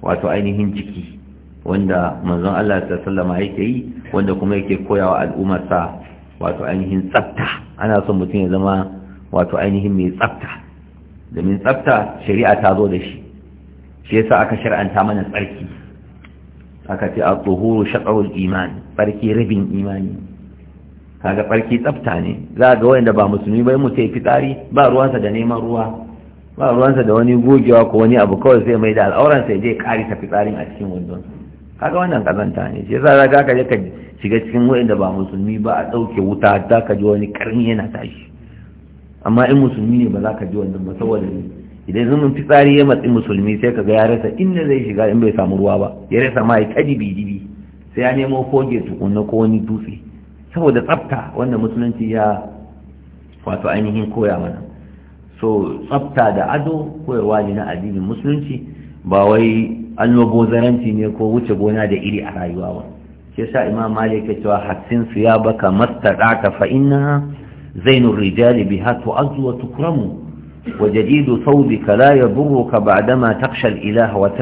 wato ainihin ciki. wanda manzon Allah sallama yake yi wanda kuma yake koyawa al'ummarsa wato ainihin tsafta ana son mutum ya zama wato ainihin mai tsafta domin tsafta shari'a ta zo da shi shi yasa aka shar'anta mana tsarki aka ce a tsohoro shaƙarul imani tsarki rabin imani kaga tsarki tsafta ne za ga wanda ba musulmi ba mutu ya fitsari ba ruwansa da neman ruwa ba ruwansa da wani gogewa ko wani abu kawai sai mai da al'auransa ya je ƙari ta fitsarin a cikin wandonsa kaga wannan kazanta ne shi yasa zaka ka je ka shiga cikin da ba musulmi ba a dauke wuta za ka ji wani ƙarni yana tashi amma in musulmi ne ba za ka ji wani ba saboda ne idan mun fitsari ya matsi musulmi sai ka ga ya rasa inda zai shiga in bai samu ruwa ba ya rasa ma ya kadi bidibi sai ya nemo koge tukunna ko wani dutse saboda tsafta wanda musulunci ya wato ainihin koya mana so tsafta da ado koyarwa ne na addinin musulunci ba wai an zaranci ne ko wuce gona da iri a rayuwa ba ke sa imam malik ya cewa hatsin su ya baka mastaɗa ta fa'ina zainul rijali bi hatu azuwa tukuramu wa jadidu saubi ka ya buru ka ba a dama takshal ilaha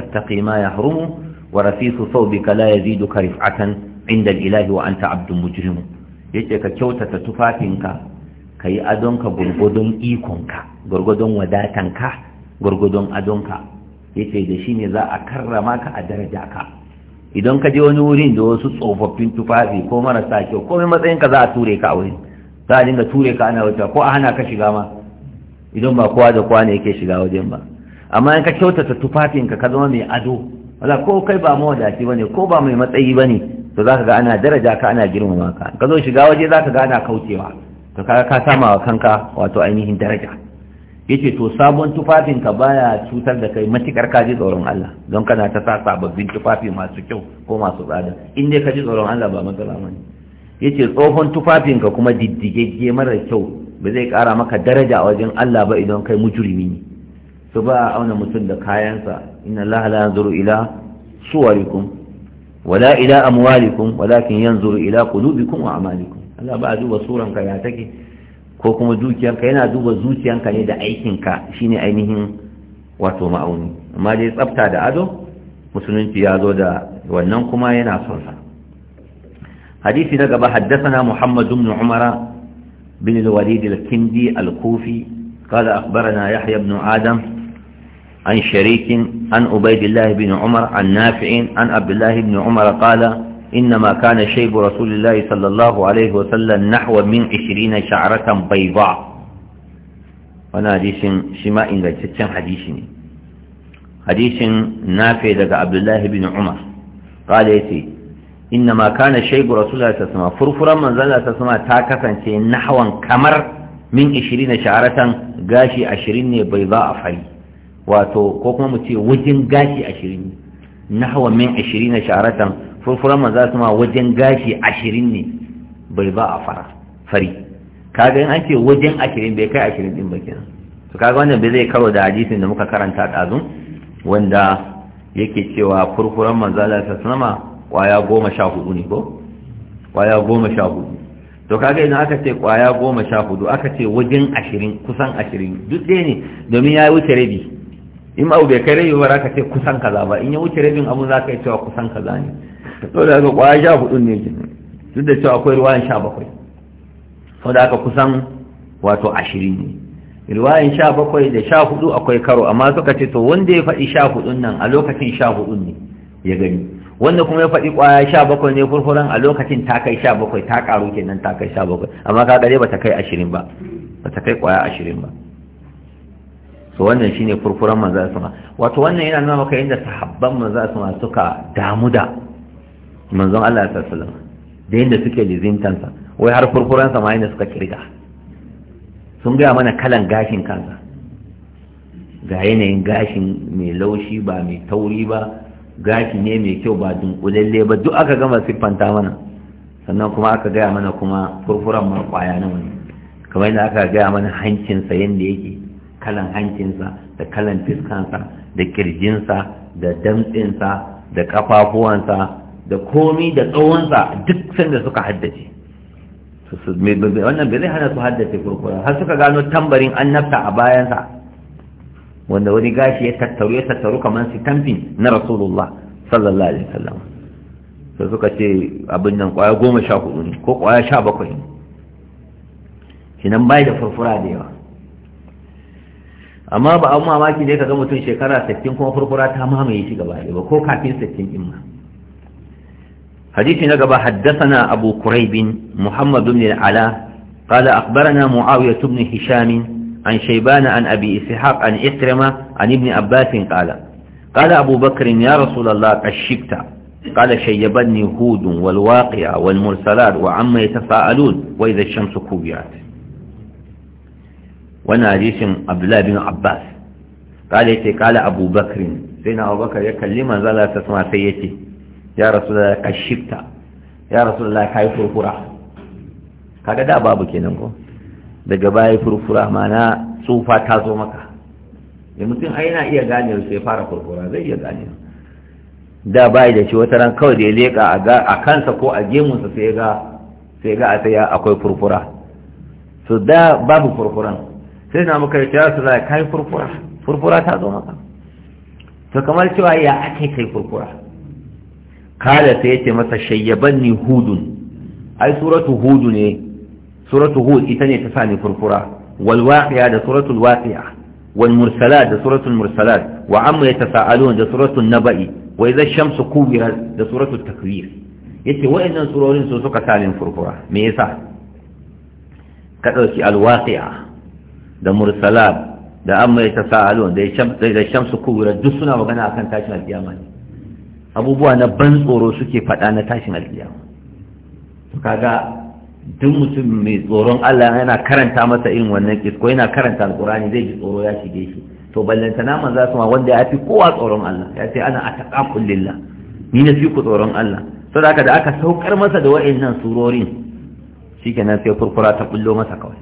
ma ya harumu wa rasisu saubi ka la ya zidu ka inda ilahi wa an ta abdun mujrimu ka kyautata tufafinka ka yi adonka gurgudun ikonka gurgudun wadatanka gurgudun adonka yace da shi ne za a karrama ka a daraja ka idan ka je wani wurin da wasu tsofaffin tufafi ko marasa kyau ko matsayin matsayinka za a ture ka a wurin za a dinga ture ka ana wuta ko a hana ka shiga ma idan ba kowa da kowa ne yake shiga wajen ba amma in ka kyautata tufafinka ka zama mai ado wala ko kai ba mawadaci bane ko ba mai matsayi bane to zaka ga ana daraja ka ana girmama ka ka zo shiga waje zaka ga ana kaucewa to kaga ka sama wa kanka wato ainihin daraja yace to sabon tufafin ka baya cutar da kai matukar ka ji tsoron Allah don kana ta sa sababbin tufafi masu kyau ko masu tsada in dai ka ji tsoron Allah ba matsala bane yace tsohon tufafin ka kuma diddigegge mara kyau ba zai kara maka daraja a wajen Allah ba idan kai mujrimi ne to ba auna mutum da kayansa inna Allah la yanzuru ila suwarikum wala ila amwalikum walakin yanzuru ila qulubikum wa a'malikum Allah ba a duba suran ka ya take ko kuma zuciyanka yana duba zuciyarka ne da aikinka shine ainihin wato ma'auni amma dai tsafta da ado musulunci ya zo da wannan kuma yana son sa hadisi na gaba haddasana muhammad ibn umara bin al-walid al-kindi al-kufi qala akhbarana yahya ibn adam an شريك an عبيد bin umar an عن an عن عبد umar qala. إنما كان شيب رسول الله صلى الله عليه وسلم نحو من عشرين شعرة بيضاء وانا حديث شماء لجتشن حديثني حديث نافع لك عبد الله بن عمر قال يتي إنما كان شيب رسول الله صلى الله عليه وسلم فرفرا من ذلك صلى الله عليه وسلم تاكسا نحو كمر من عشرين شعرة قاشي عشرين بيضاء فري واتو قوكما متي وجن قاشي عشرين نحو من عشرين شعرة furfuran manzo sama wajen gashi ashirin ne bai ba a fara fari kaga in an ce wajen ashirin bai kai ashirin din ba kenan to kaga wannan bai zai karo da hadisin da muka karanta ɗazun wanda yake cewa furfuran manzo Allah sama kwaya goma sha hudu ne ko kwaya goma sha hudu to kaga idan aka ce kwaya goma sha hudu aka ce wajen ashirin kusan ashirin duk ɗaya ne domin ya wuce rabi in abu bai kai rabi ba za ka ce kusan kaza ba in ya wuce rabin abu za ka yi cewa kusan kaza ne to da aka kwaya sha hudu ne ke duk da cewa akwai ruwayan sha bakwai sau da aka kusan wato ashirin ne ruwayan sha bakwai da sha hudu akwai karo amma suka ce to wanda ya faɗi sha hudun nan a lokacin sha hudun ne ya gani wanda kuma ya faɗi kwaya sha bakwai ne furfuran a lokacin ta kai sha bakwai ta ƙaru kenan ta kai sha bakwai amma ka gare ba ta kai ashirin ba ba ta kai kwaya ashirin ba so wannan shine furfuran manzo sama wato wannan yana nuna maka inda sahabban manzo sama suka damu da manzon Allah ya sallam da yadda suke lizintansa wai har furfuran sama yadda suka kirga sun gaya mana kalan gashin kansa ga yanayin gashin mai laushi ba mai tauri ba gashi ne mai kyau ba dunkulalle ba duk aka gama siffanta mana sannan kuma aka gaya mana kuma furfuran ma kwaya na wani kamar yadda aka gaya mana hancinsa yadda yake kalan hancinsa da kalan fiskansa da kirjinsa da damtsinsa da kafafuwansa da komi da tsawonsa duk sanda suka haddace wannan bai zai hana su haddace kurkura har suka gano tambarin annabta a bayansa wanda wani gashi ya tattaru ya tattaru kamar su tamfin na rasulullah sallallahu alaihi wasallam sai suka ce abin nan kwaya goma sha hudu ne ko kwaya sha bakwai ne shi nan bai da furfura da yawa amma ba abu mamaki ne ka ga mutum shekara 60 kuma furfura ta mamaye shi gaba ba ko kafin 60 din ma حديث نقبة حدثنا أبو كريب محمد بن العلا قال أخبرنا معاوية بن هشام عن شيبان عن أبي إسحاق عن إكرمة عن ابن عباس قال قال أبو بكر يا رسول الله الشبت قال شيبني هود والواقع والمرسلات وعما يتساءلون وإذا الشمس كوبيات وانا عبد الله بن عباس قال إيه؟ قال أبو بكر سيدنا أبو بكر يكلم ذلك تسمع سيتي ya rasu da ka shifta ya rasu da ka yi furfura kaga da babu kenan ko daga baya furfura mana tsufa ta zo maka da mutum ai na iya gane su ya fara furfura zai iya gane da bai da shi wata ran kawai da ya leka a kansa ko a gemunsa sai ga sai ga a tsaya akwai furfura so da babu furfuran sai na muka yi su za kai furfura furfura ta zo maka to kamar cewa ya ake kai furfura kala sai yace masa shayyaban ni hudun ai suratu hudu ne suratu hud ita ne ta sani furfura wal waqi'a da suratul waqi'a wal mursalat da suratul mursalat wa amma yatasaalun da suratul naba'i wa idha ash-shamsu kuwirat da suratul takwir yace wa'annan surorin su suka sani furfura me yasa ka dauki al waqi'a da mursalat da amma yatasaalun da shamsu kuwirat duk suna magana akan tashin alkiyama ne abubuwa na ban tsoro suke faɗa na tashin alkiyama kaga duk mutum mai tsoron Allah yana karanta masa irin wannan kisko yana karanta alkurani zai ji tsoro ya shige shi to ballanta naman manza su ma wanda ya fi kowa tsoron Allah ya ce ana taƙaƙun lilla, ni na fi ku tsoron Allah saboda da aka saukar masa da wa'annan surorin shikenan sai kurkura ta bullo masa kawai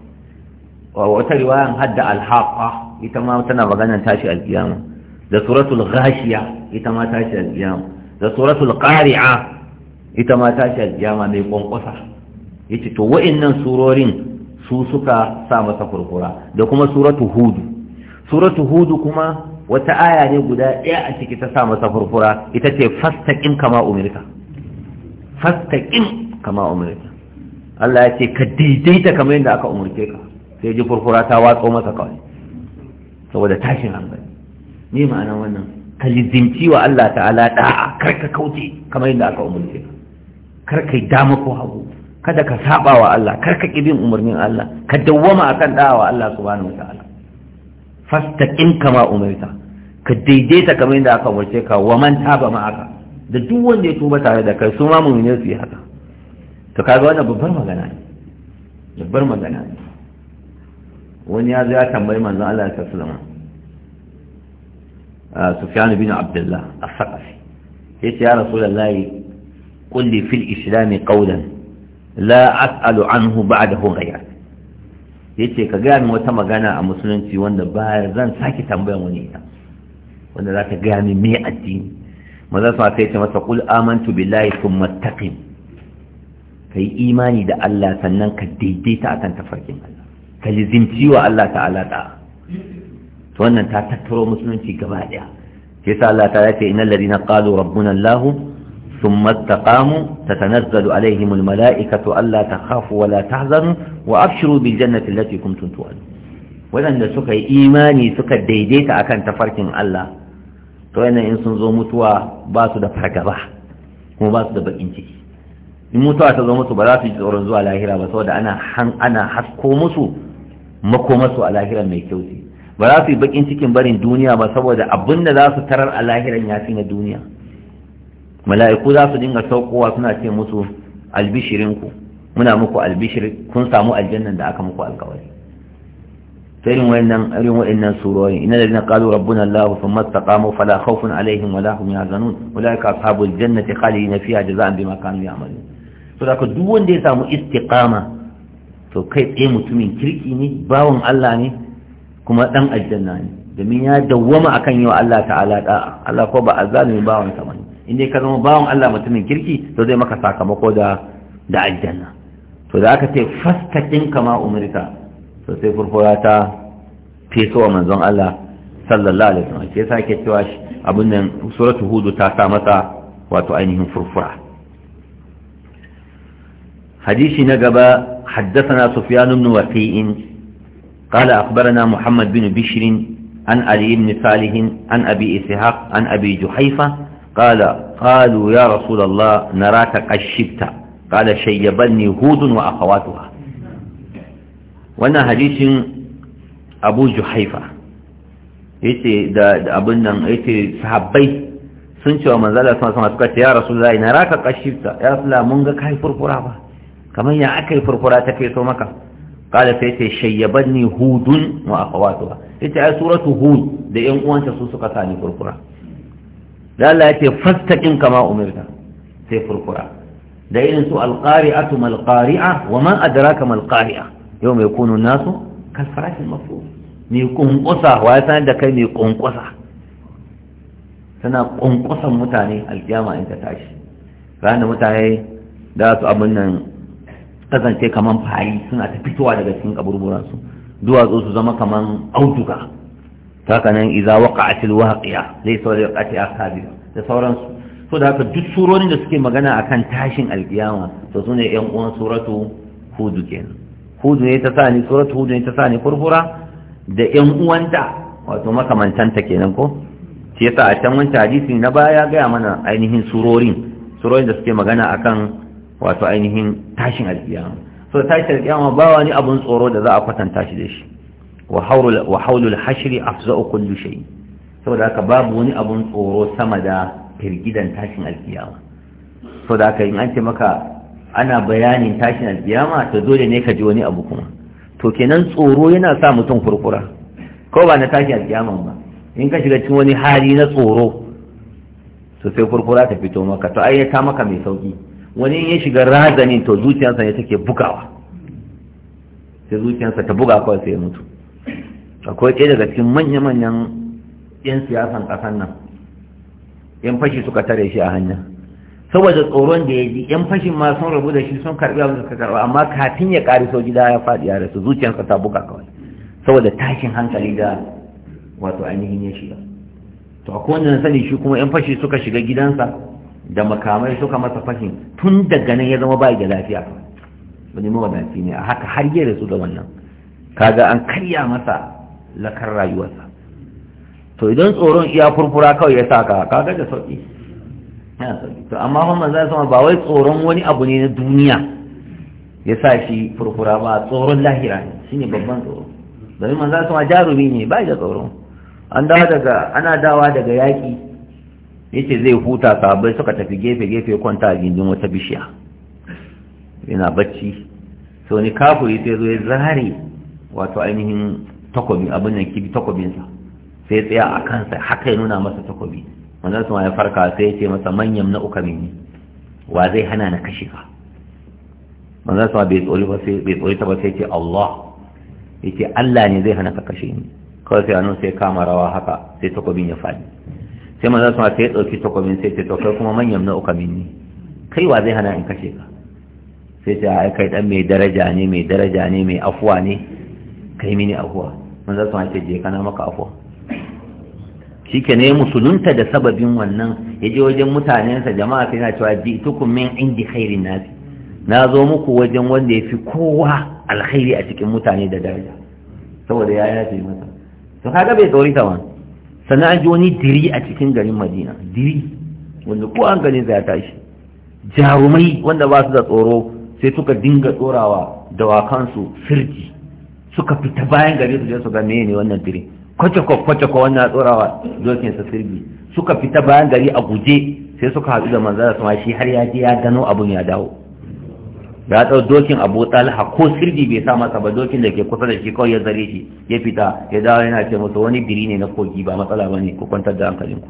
wata riwayan hadda alhaqa ita ma tana maganar tashi alkiyama da suratul ghashiya ita ma tashi alkiyama da suratul ƙari'a, ita ma ta shi aljama mai Ya yace to wa'annan surorin su suka sa masa kurkura da kuma suratu hudu suratu hudu kuma wata aya ne guda ɗaya a ciki ta sa masa kurkura ita ce fastaqim kama umirka fastaqim kama umirka Allah ya ce ka daidaita kamar yadda aka umurke ka sai ji kurkura ta watso masa kawai saboda tashin hankali ni ma'ana wannan ka lizimci wa Allah ta'ala da'a kar ka kauce kamar yadda aka umurce kar ka dama ko hagu kada ka saba wa Allah kar ka ki bin umarnin Allah ka dawwama akan da'a wa Allah subhanahu wataala fastaqim kama umirta ka daidaita kamar yadda aka umurce ka wa man taba ma'aka da duk wanda ya tuba tare da kai su ma mu'mini su yi haka to kaga wannan babbar magana ne babbar magana ne wani ya zo ya tambayi manzon Allah sallallahu alaihi wasallam سفيان بن عبد الله الثقفي قلت يا رسول الله قل لي في الإسلام قولا لا أسأل عنه بعده غيرك yace ka gaya min wata magana a musulunci wanda baya zan sake tambayan wani ita wanda za ta gaya min me addini maza sa sai ce masa qul amantu billahi thumma Ka yi imani da Allah sannan ka daidaita akan tafarkin Allah ka lizimci wa Allah ta'ala da'a to wannan ta tattaro musulunci gaba daya sai sa Allah ta yace innal ladina qalu rabbuna Allah thumma istaqamu tatanazzalu alaihim al mala'ikatu alla takhafu wa la tahzanu wa abshiru bil jannati allati kuntum tu'adun waɗanda suka yi imani suka daidaita akan tafarkin Allah to wannan in sun zo mutuwa ba su da fargaba kuma ba su da bakin ciki in mutuwa ta zo musu ba za su ji tsoron zuwa lahira ba saboda ana ana hasko musu masu a lahira mai kyauti ba za su yi bakin cikin barin duniya ba saboda abin da za su tarar a lahiran ya fi na duniya mala'iku za su dinga saukowa suna ce musu albishirinku muna muku albishir kun samu aljannan da aka muku alkawari ta irin wa'annan irin wa'annan surori inna ladina qalu rabbuna allah thumma istaqamu fala khawfun alaihim wala hum yahzanun ulaika ashabul jannati khalidina fiha jazaan bima kanu ya'malun to da duk wanda ya samu istiqama to kai tsaye mutumin kirki ne bawon Allah ne kuma dan aljanna ne domin ya dawwama akan wa Allah ta'ala da Allah ko ba azalimi bawan sa bane in dai ka zama bawan Allah mutumin kirki to zai maka sakamako da da aljanna to da aka ce fastakin kama umrika to sai furfura ta feso wa manzon Allah sallallahu alaihi wasallam sai sake cewa abin nan suratu hudu ta sa masa wato ainihin furfura hadisi na gaba حدثنا سفيان بن وكيء قال أخبرنا محمد بن بشر عن علي بن صالح عن أبي إسحاق عن أبي جحيفة قال قالوا يا رسول الله نراك قد شبت قال شيبني هود وأخواتها وانا حديث أبو جحيفة yace da abin nan yace sahabbai sun cewa manzala sama sama suka ce ya rasulullahi naraka qashifta ya rasulullah mun ga kai furfura ba kamar ya akai furfura ta kai so maka قال فيت شيبني هود واخواتها فيت اي سوره هود ده ان uwansa su suka sani furfura da Allah yace fastaqin kama umirta sai furfura da irin su alqari'atu malqari'a wama adraka malqari'a yawma yakunu an-nasu kalfarati mafruq ni kunqusa wa ya san da kai ne kunqusa tana kunqusan mutane alqiyama in ta tashi ranar mutane da su abun nan kasance kaman fari suna ta fitowa daga cikin kaburburansu duwatsu su zama kaman auduga haka nan iza waqa'atil waqi'a zai saurari waqati akabi da sauransu so da haka duk surorin da suke magana akan tashin alkiyama to sune yan uwan suratu hudu kenan hudu ne ta sani suratu hudu ne ta sani furfura da yan uwanta wato makamantanta kenan ko shi yasa a can wancan hadisi na baya ya gaya mana ainihin surorin surorin da suke magana akan wato ainihin tashin alkiyama so tashin alkiyama ba wani abun tsoro da za a kwatanta shi da shi wa haulul wa a hashri afza'u kullu shay saboda haka babu wani abun tsoro sama da firgidan tashin alkiyama so haka in an ce maka ana bayanin tashin alkiyama to dole ne ka ji wani abu kuma to kenan tsoro yana sa mutum kurkura ko ba na tashin alkiyama ba in ka shiga cikin wani hali na tsoro to sai kurkura ta fito maka to ai ta maka mai sauki wani ya shiga razani to zuciyarsa ne take bugawa sai zuciyarsa ta buga kawai sai ya mutu akwai ɗaya daga cikin manya-manyan 'yan siyasan ƙasar nan 'yan fashi suka tare shi a hanya saboda tsoron da ya ji 'yan fashin ma sun rabu da shi sun karɓi abin da suka karba amma kafin ya ƙari sau gida ya faɗi ya rasu zuciyarsa ta buga kawai saboda tashin hankali da wato ainihin ya shiga to akwai wanda na sani shi kuma 'yan fashi suka shiga gidansa da makamai suka masa fashin tun daga nan ya zama ba da lafiya wani mawadaci ne a haka har yi da su da wannan kaga an karya masa lakar rayuwarsa to idan tsoron iya furfura kawai ya ka kaga da sauki to amma za su sama ba wai tsoron wani abu ne na duniya ya sa shi furfura ba tsoron lahira ne? Shi ne babban tsoro domin su ma jarumi ne ba da tsoro an dawa daga ana dawa daga yaƙi. yace zai huta sabai suka tafi gefe gefe kwanta a gindin wata bishiya yana bacci so ni kafuri sai zo ya zare wato ainihin takobi abin nan kibi takobinsa sai tsaya a kansa haka ya nuna masa takobi wannan su ya farka sai ya ce masa manyan na uka mini wa zai hana na kashe ka manzan su bai tsori ba sai bai tsori ta ba sai ce Allah yace Allah ne zai hana ka kashe ni kawai sai anun sai kama rawa haka sai takobin ya fadi sai za su haka ya ɗauki takobin sai ce to kai kuma manyan na uka kai wa zai hana in kashe ka sai ce a kai ɗan mai daraja ne mai daraja ne mai afuwa ne kai mini afuwa za su ce je kana maka afuwa shi ke ne musulunta da sababin wannan ya je wajen mutanensa jama'a sai na cewa ji tukun min indi khairin nasi na zo muku wajen wanda ya fi kowa alkhairi a cikin mutane da daraja saboda ya yi masa to kaga bai tsorita wani sannan an ji wani diri a cikin garin madina diri wanda ko an ganin ya tashi jarumai wanda ba su da tsoro sai suka dinga tsorawa dawakansu sirji suka fita bayan gari su je su ga ne wannan diri kwacako kwacako wannan tsorawa dokin sa sirji suka fita bayan gari a guje sai suka haɗu da manzara ma shi har ya je ya gano abun ya dawo ya ya dokin abu talha ko sirgi bai sa masa ba dokin da ke kusa da shi kawai ya zare shi ya fita ya dawo yana ce musu wani biri ne na kogi ba matsala ba ne ku kwantar da hankalinku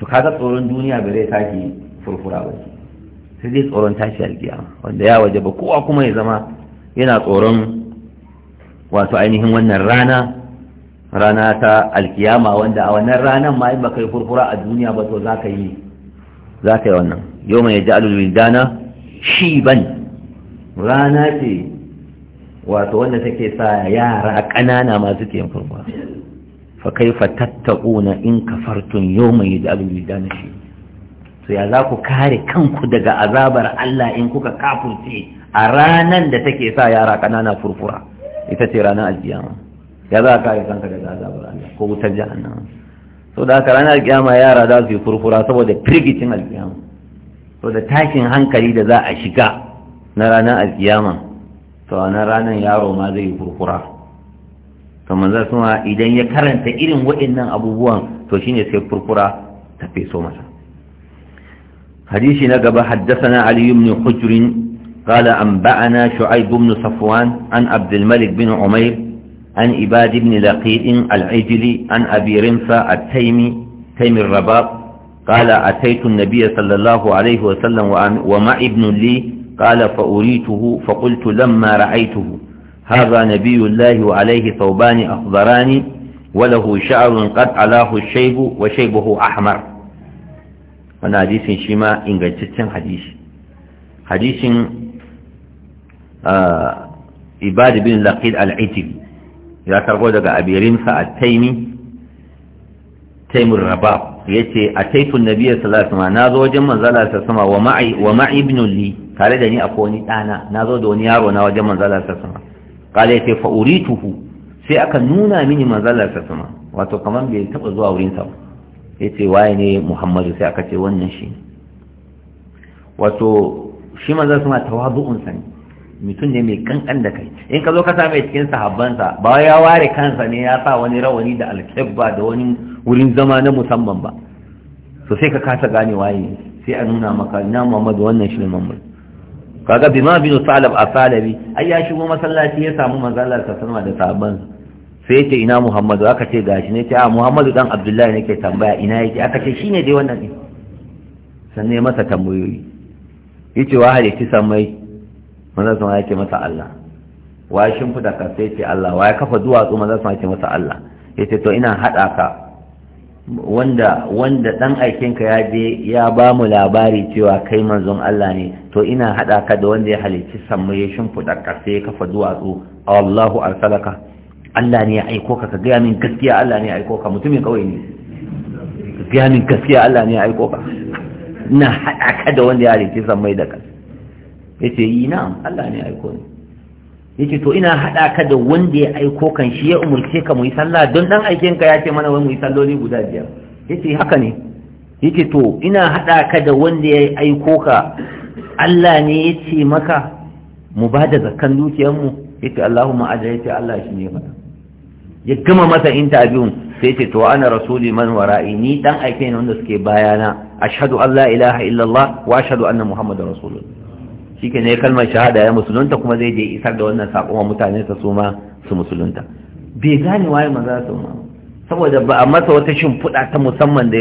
to kaga tsoron duniya bai zai tashi furfura ba sai dai tsoron tashi alkiyama wanda ya waje ba kowa kuma ya zama yana tsoron wato ainihin wannan rana rana ta alkiyama wanda a wannan ranar ma in ba kai furfura a duniya ba to za ka yi za ka yi wannan yau mai ya ji dana. shiban rana ce wato wanda take sa yara ƙanana masu ke furfa fa kaifa tattaquna in kafartum yawman yaj'alul na shi to ya za ku kare kanku daga azabar Allah in kuka kafurce a ranan da take sa yara ƙanana furfura ita ce ranar alkiyama ya za ka kare kanka daga azabar Allah ko wutar jahannama so da haka ranar alkiyama yara za su yi furfura saboda firgicin alkiyama to da tashin hankali da za a shiga na ranar alkiyama to a ranar yaro ma zai kurkura to manzo suma idan ya karanta irin waɗannan abubuwan to shine sai kurkura ta feso masa حديث نقب حدثنا علي بن حجر قال أنبأنا شعيب بن صفوان عن عبد الملك بن عمير عن إباد بن لقيء العجلي عن أبي رمفة التيمي تيم الرباط قال أتيت النبي صلى الله عليه وسلم وما ابن لي قال فأريته فقلت لما رأيته هذا نبي الله وعليه ثوبان أخضران وله شعر قد علاه الشيب وشيبه أحمر وانا حديث شما إنجلتتن حديث حديث آه إباد بن لقيد العتب يا ترغو دقى أبي رمسة التيمي تيم الرباب yace taifin nabiyya sallallahu alaihi wasallam nazo wajen manzala ta sama wa ma'i wa ma'i ibn li tare da ni akwai wani dana nazo da wani yaro na wajen manzala ta sama kale yace fa urituhu sai aka nuna mini manzala ta sama wato kaman bai taba zuwa wurin sa yace waye ne muhammadu sai aka ce wannan shi wato shi manzala sama tawadu'un sani mutum ne mai kankan da kai in ka zo ka same cikin sahabbansa ba ya ware kansa ne ya sa wani rawani da alkebba da wani wurin zama na musamman ba so sai ka kasa gane waye sai a nuna maka ina Muhammadu wannan shi ne Muhammad kaga bima bin Salab a Salabi ai ya shigo masallaci ya samu manzalar sa sama da sahabban sai ce ina Muhammadu aka ce gashi ne ce a ah, Muhammadu dan Abdullahi nake tambaya ina yake aka ce shine dai wannan din sannan ya masa tambayoyi yace wa halitti samai manzon sama yake masa Allah wa shimfida ka sai ce Allah wa ya kafa duwatsu manzon sama yake masa Allah yace to ina hada ka wanda wanda dan aikinka ya je ya ba mu labari cewa kai manzon Allah ne to ina hada ka da wanda ya halicci samu ya shimfiɗa ƙasa ya kafa duwatsu Allahu arsalaka Allah ne ya aiko ka ka gaya min gaskiya Allah ne ya aiko ka mutumin kawai ne gaya min gaskiya Allah ne ya aiko ka ina hada ka da wanda ya halicci samu da ƙasa yace yi na, Allah ne ya aiko ni yake to ina haɗa ka da wanda ya aiko kan shi ya umarce ka mu yi sallah don dan aikin ka ya ce mana wai mu yi salloli guda biyar yace haka ne yake to ina haɗa ka da wanda ya aiko ka Allah ne ya ce maka mu ba da zakkan dukiyarmu mu Allahumma ajra ce Allah shi ne faɗa ya gama masa interview sai ce to ana rasuli man wara'i ni dan aikin ne wanda suke bayana ashhadu an ilaha illallah wa ashhadu anna muhammadar rasulullah shi ke ne kalmar shahada ya musulunta kuma zai je isar da wannan wa mutane sa su ma su musulunta bai gane waye maza su ma saboda ba a masa wata shimfiɗa ta musamman da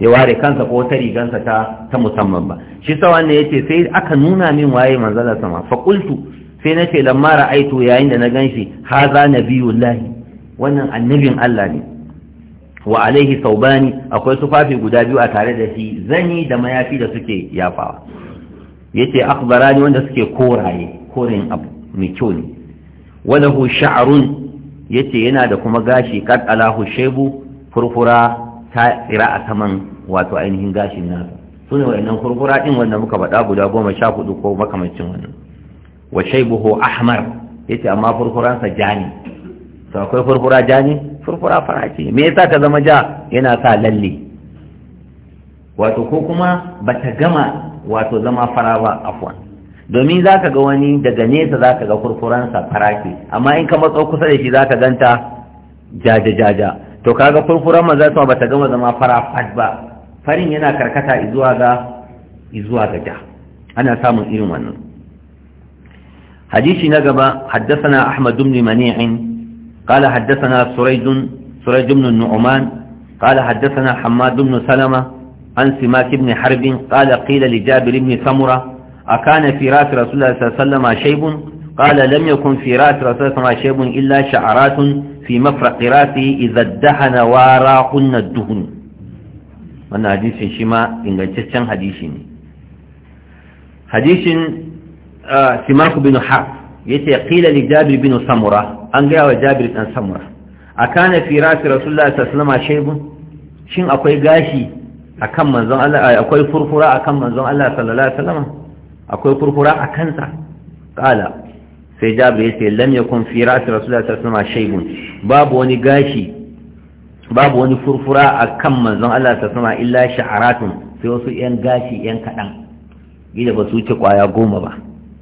ya ware kansa ko wata rigansa ta ta musamman ba shi sa ya ce sai aka nuna min waye da sama fa sai na ce lamma ra'aitu yayin da na gan ganshi haza nabiyullahi wannan annabin Allah ne wa alaihi saubani akwai tufafi guda biyu a tare da shi zani da mayafi da suke yafawa yace akhbarani wanda suke koraye koren abu mai kyau ne hu sha'run yace yana da kuma gashi kad alahu shaybu furfura ta tsira a saman wato ainihin gashin nasa sune wayannan furfura din wanda muka faɗa guda goma sha hudu ko makamancin wannan wa shaybuhu ahmar yace amma sa ja ne to akwai furfura ja ne furfura fara ce me yasa ta zama ja yana sa lalle wato ko kuma bata gama wato zama fara ba afwan domin za ka ga wani daga nesa za ka ga kurkuransa fara ke amma in ka matso kusa da shi za ka ganta jaja-jaja to kaga kurkuran manzan sama ba ta gama zama fara fat ba farin yana karkata izuwa ga izuwa ga ja ana samun irin wannan hadisi na gaba haddasana ahmad ibn mani'in قال حدثنا سريج سريج بن النعمان قال حدثنا حماد بن سلمه عن سماك بن حرب قال قيل لجابر بن سمرة أكان في رأس رسول الله صلى الله عليه وسلم شيب قال لم يكن في رأس رسول الله صلى الله عليه وسلم شيب إلا شعرات في مفرق رأسه إذا ادهن واراهن الدهن ingantaccen hadisi ne bin haq ya ce ƙila li bin samura an gaya wa jabir ɗan samura a kana fi rasi rasulullah sallallahu alaihi shin akwai gashi akan manzon Allah eh, akwai furfura akan manzon Allah sallallahu alaihi wasallam akwai furfura a kansa kala sai jabir ce, lam yakun fi ra'si rasulullahi sallallahu alaihi wasallam shay'un babu wani gashi babu wani furfura akan manzon Allah sallallahu alaihi wasallam illa sha'aratun sai wasu yan gashi yan kadan gida ba su ci kwaya goma ba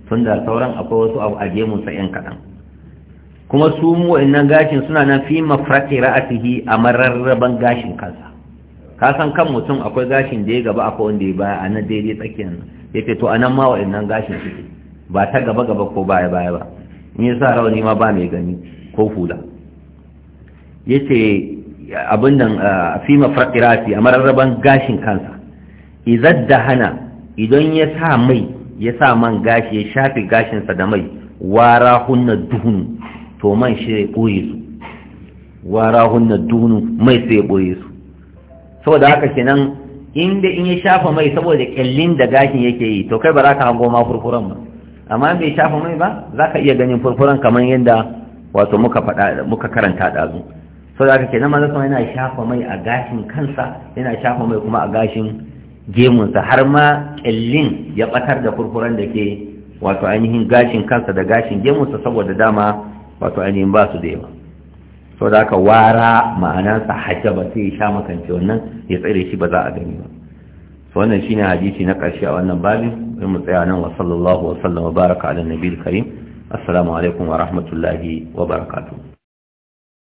tunda sauran akwai wasu abu a gemu sa yan kadan kuma su mu wa'annan gashin suna nan fi mafrati ra'atihi a mararraban gashin kansa ka san kan mutum akwai gashin da ya gaba akwai wanda ya baya a nan daidai tsakiyar ce to a nan ma nan gashin suke ba ta gaba gaba ko baya baya ba in ya sa rauni ma ba mai gani ko hula yace abin nan fi mafraqirati a mararraban gashin kansa idan da hana idan ya sa mai ya sa man gashi ya shafi gashinsa da mai wara hunna duhun to man shi ya ɓoye su wara hunna duhun mai sai ya ɓoye su saboda haka kenan inda in ya shafa mai saboda kyallin da gashin yake yi to kai ba za ka hango ma furfuran ba amma bai shafa mai ba za ka iya ganin furfuran kamar yadda wato muka faɗa muka karanta ɗazu saboda haka kenan manzo yana shafa mai a gashin kansa yana shafa mai kuma a gashin gemunsa har ma kyallin ya batar da furfuran da ke wato ainihin gashin kansa da gashin gemunsa saboda dama wato ainihin ba su da yawa sau da ka wara ma'anarsa hajjaba sai ya sha makanci wannan ya tsere shi ba za a gani ba wannan shine hadisi na ƙarshe a wannan babin bai mu tsaya nan wa sallallahu wa sallama baraka ala nabiyil karim assalamu alaikum wa rahmatullahi wa barakatuh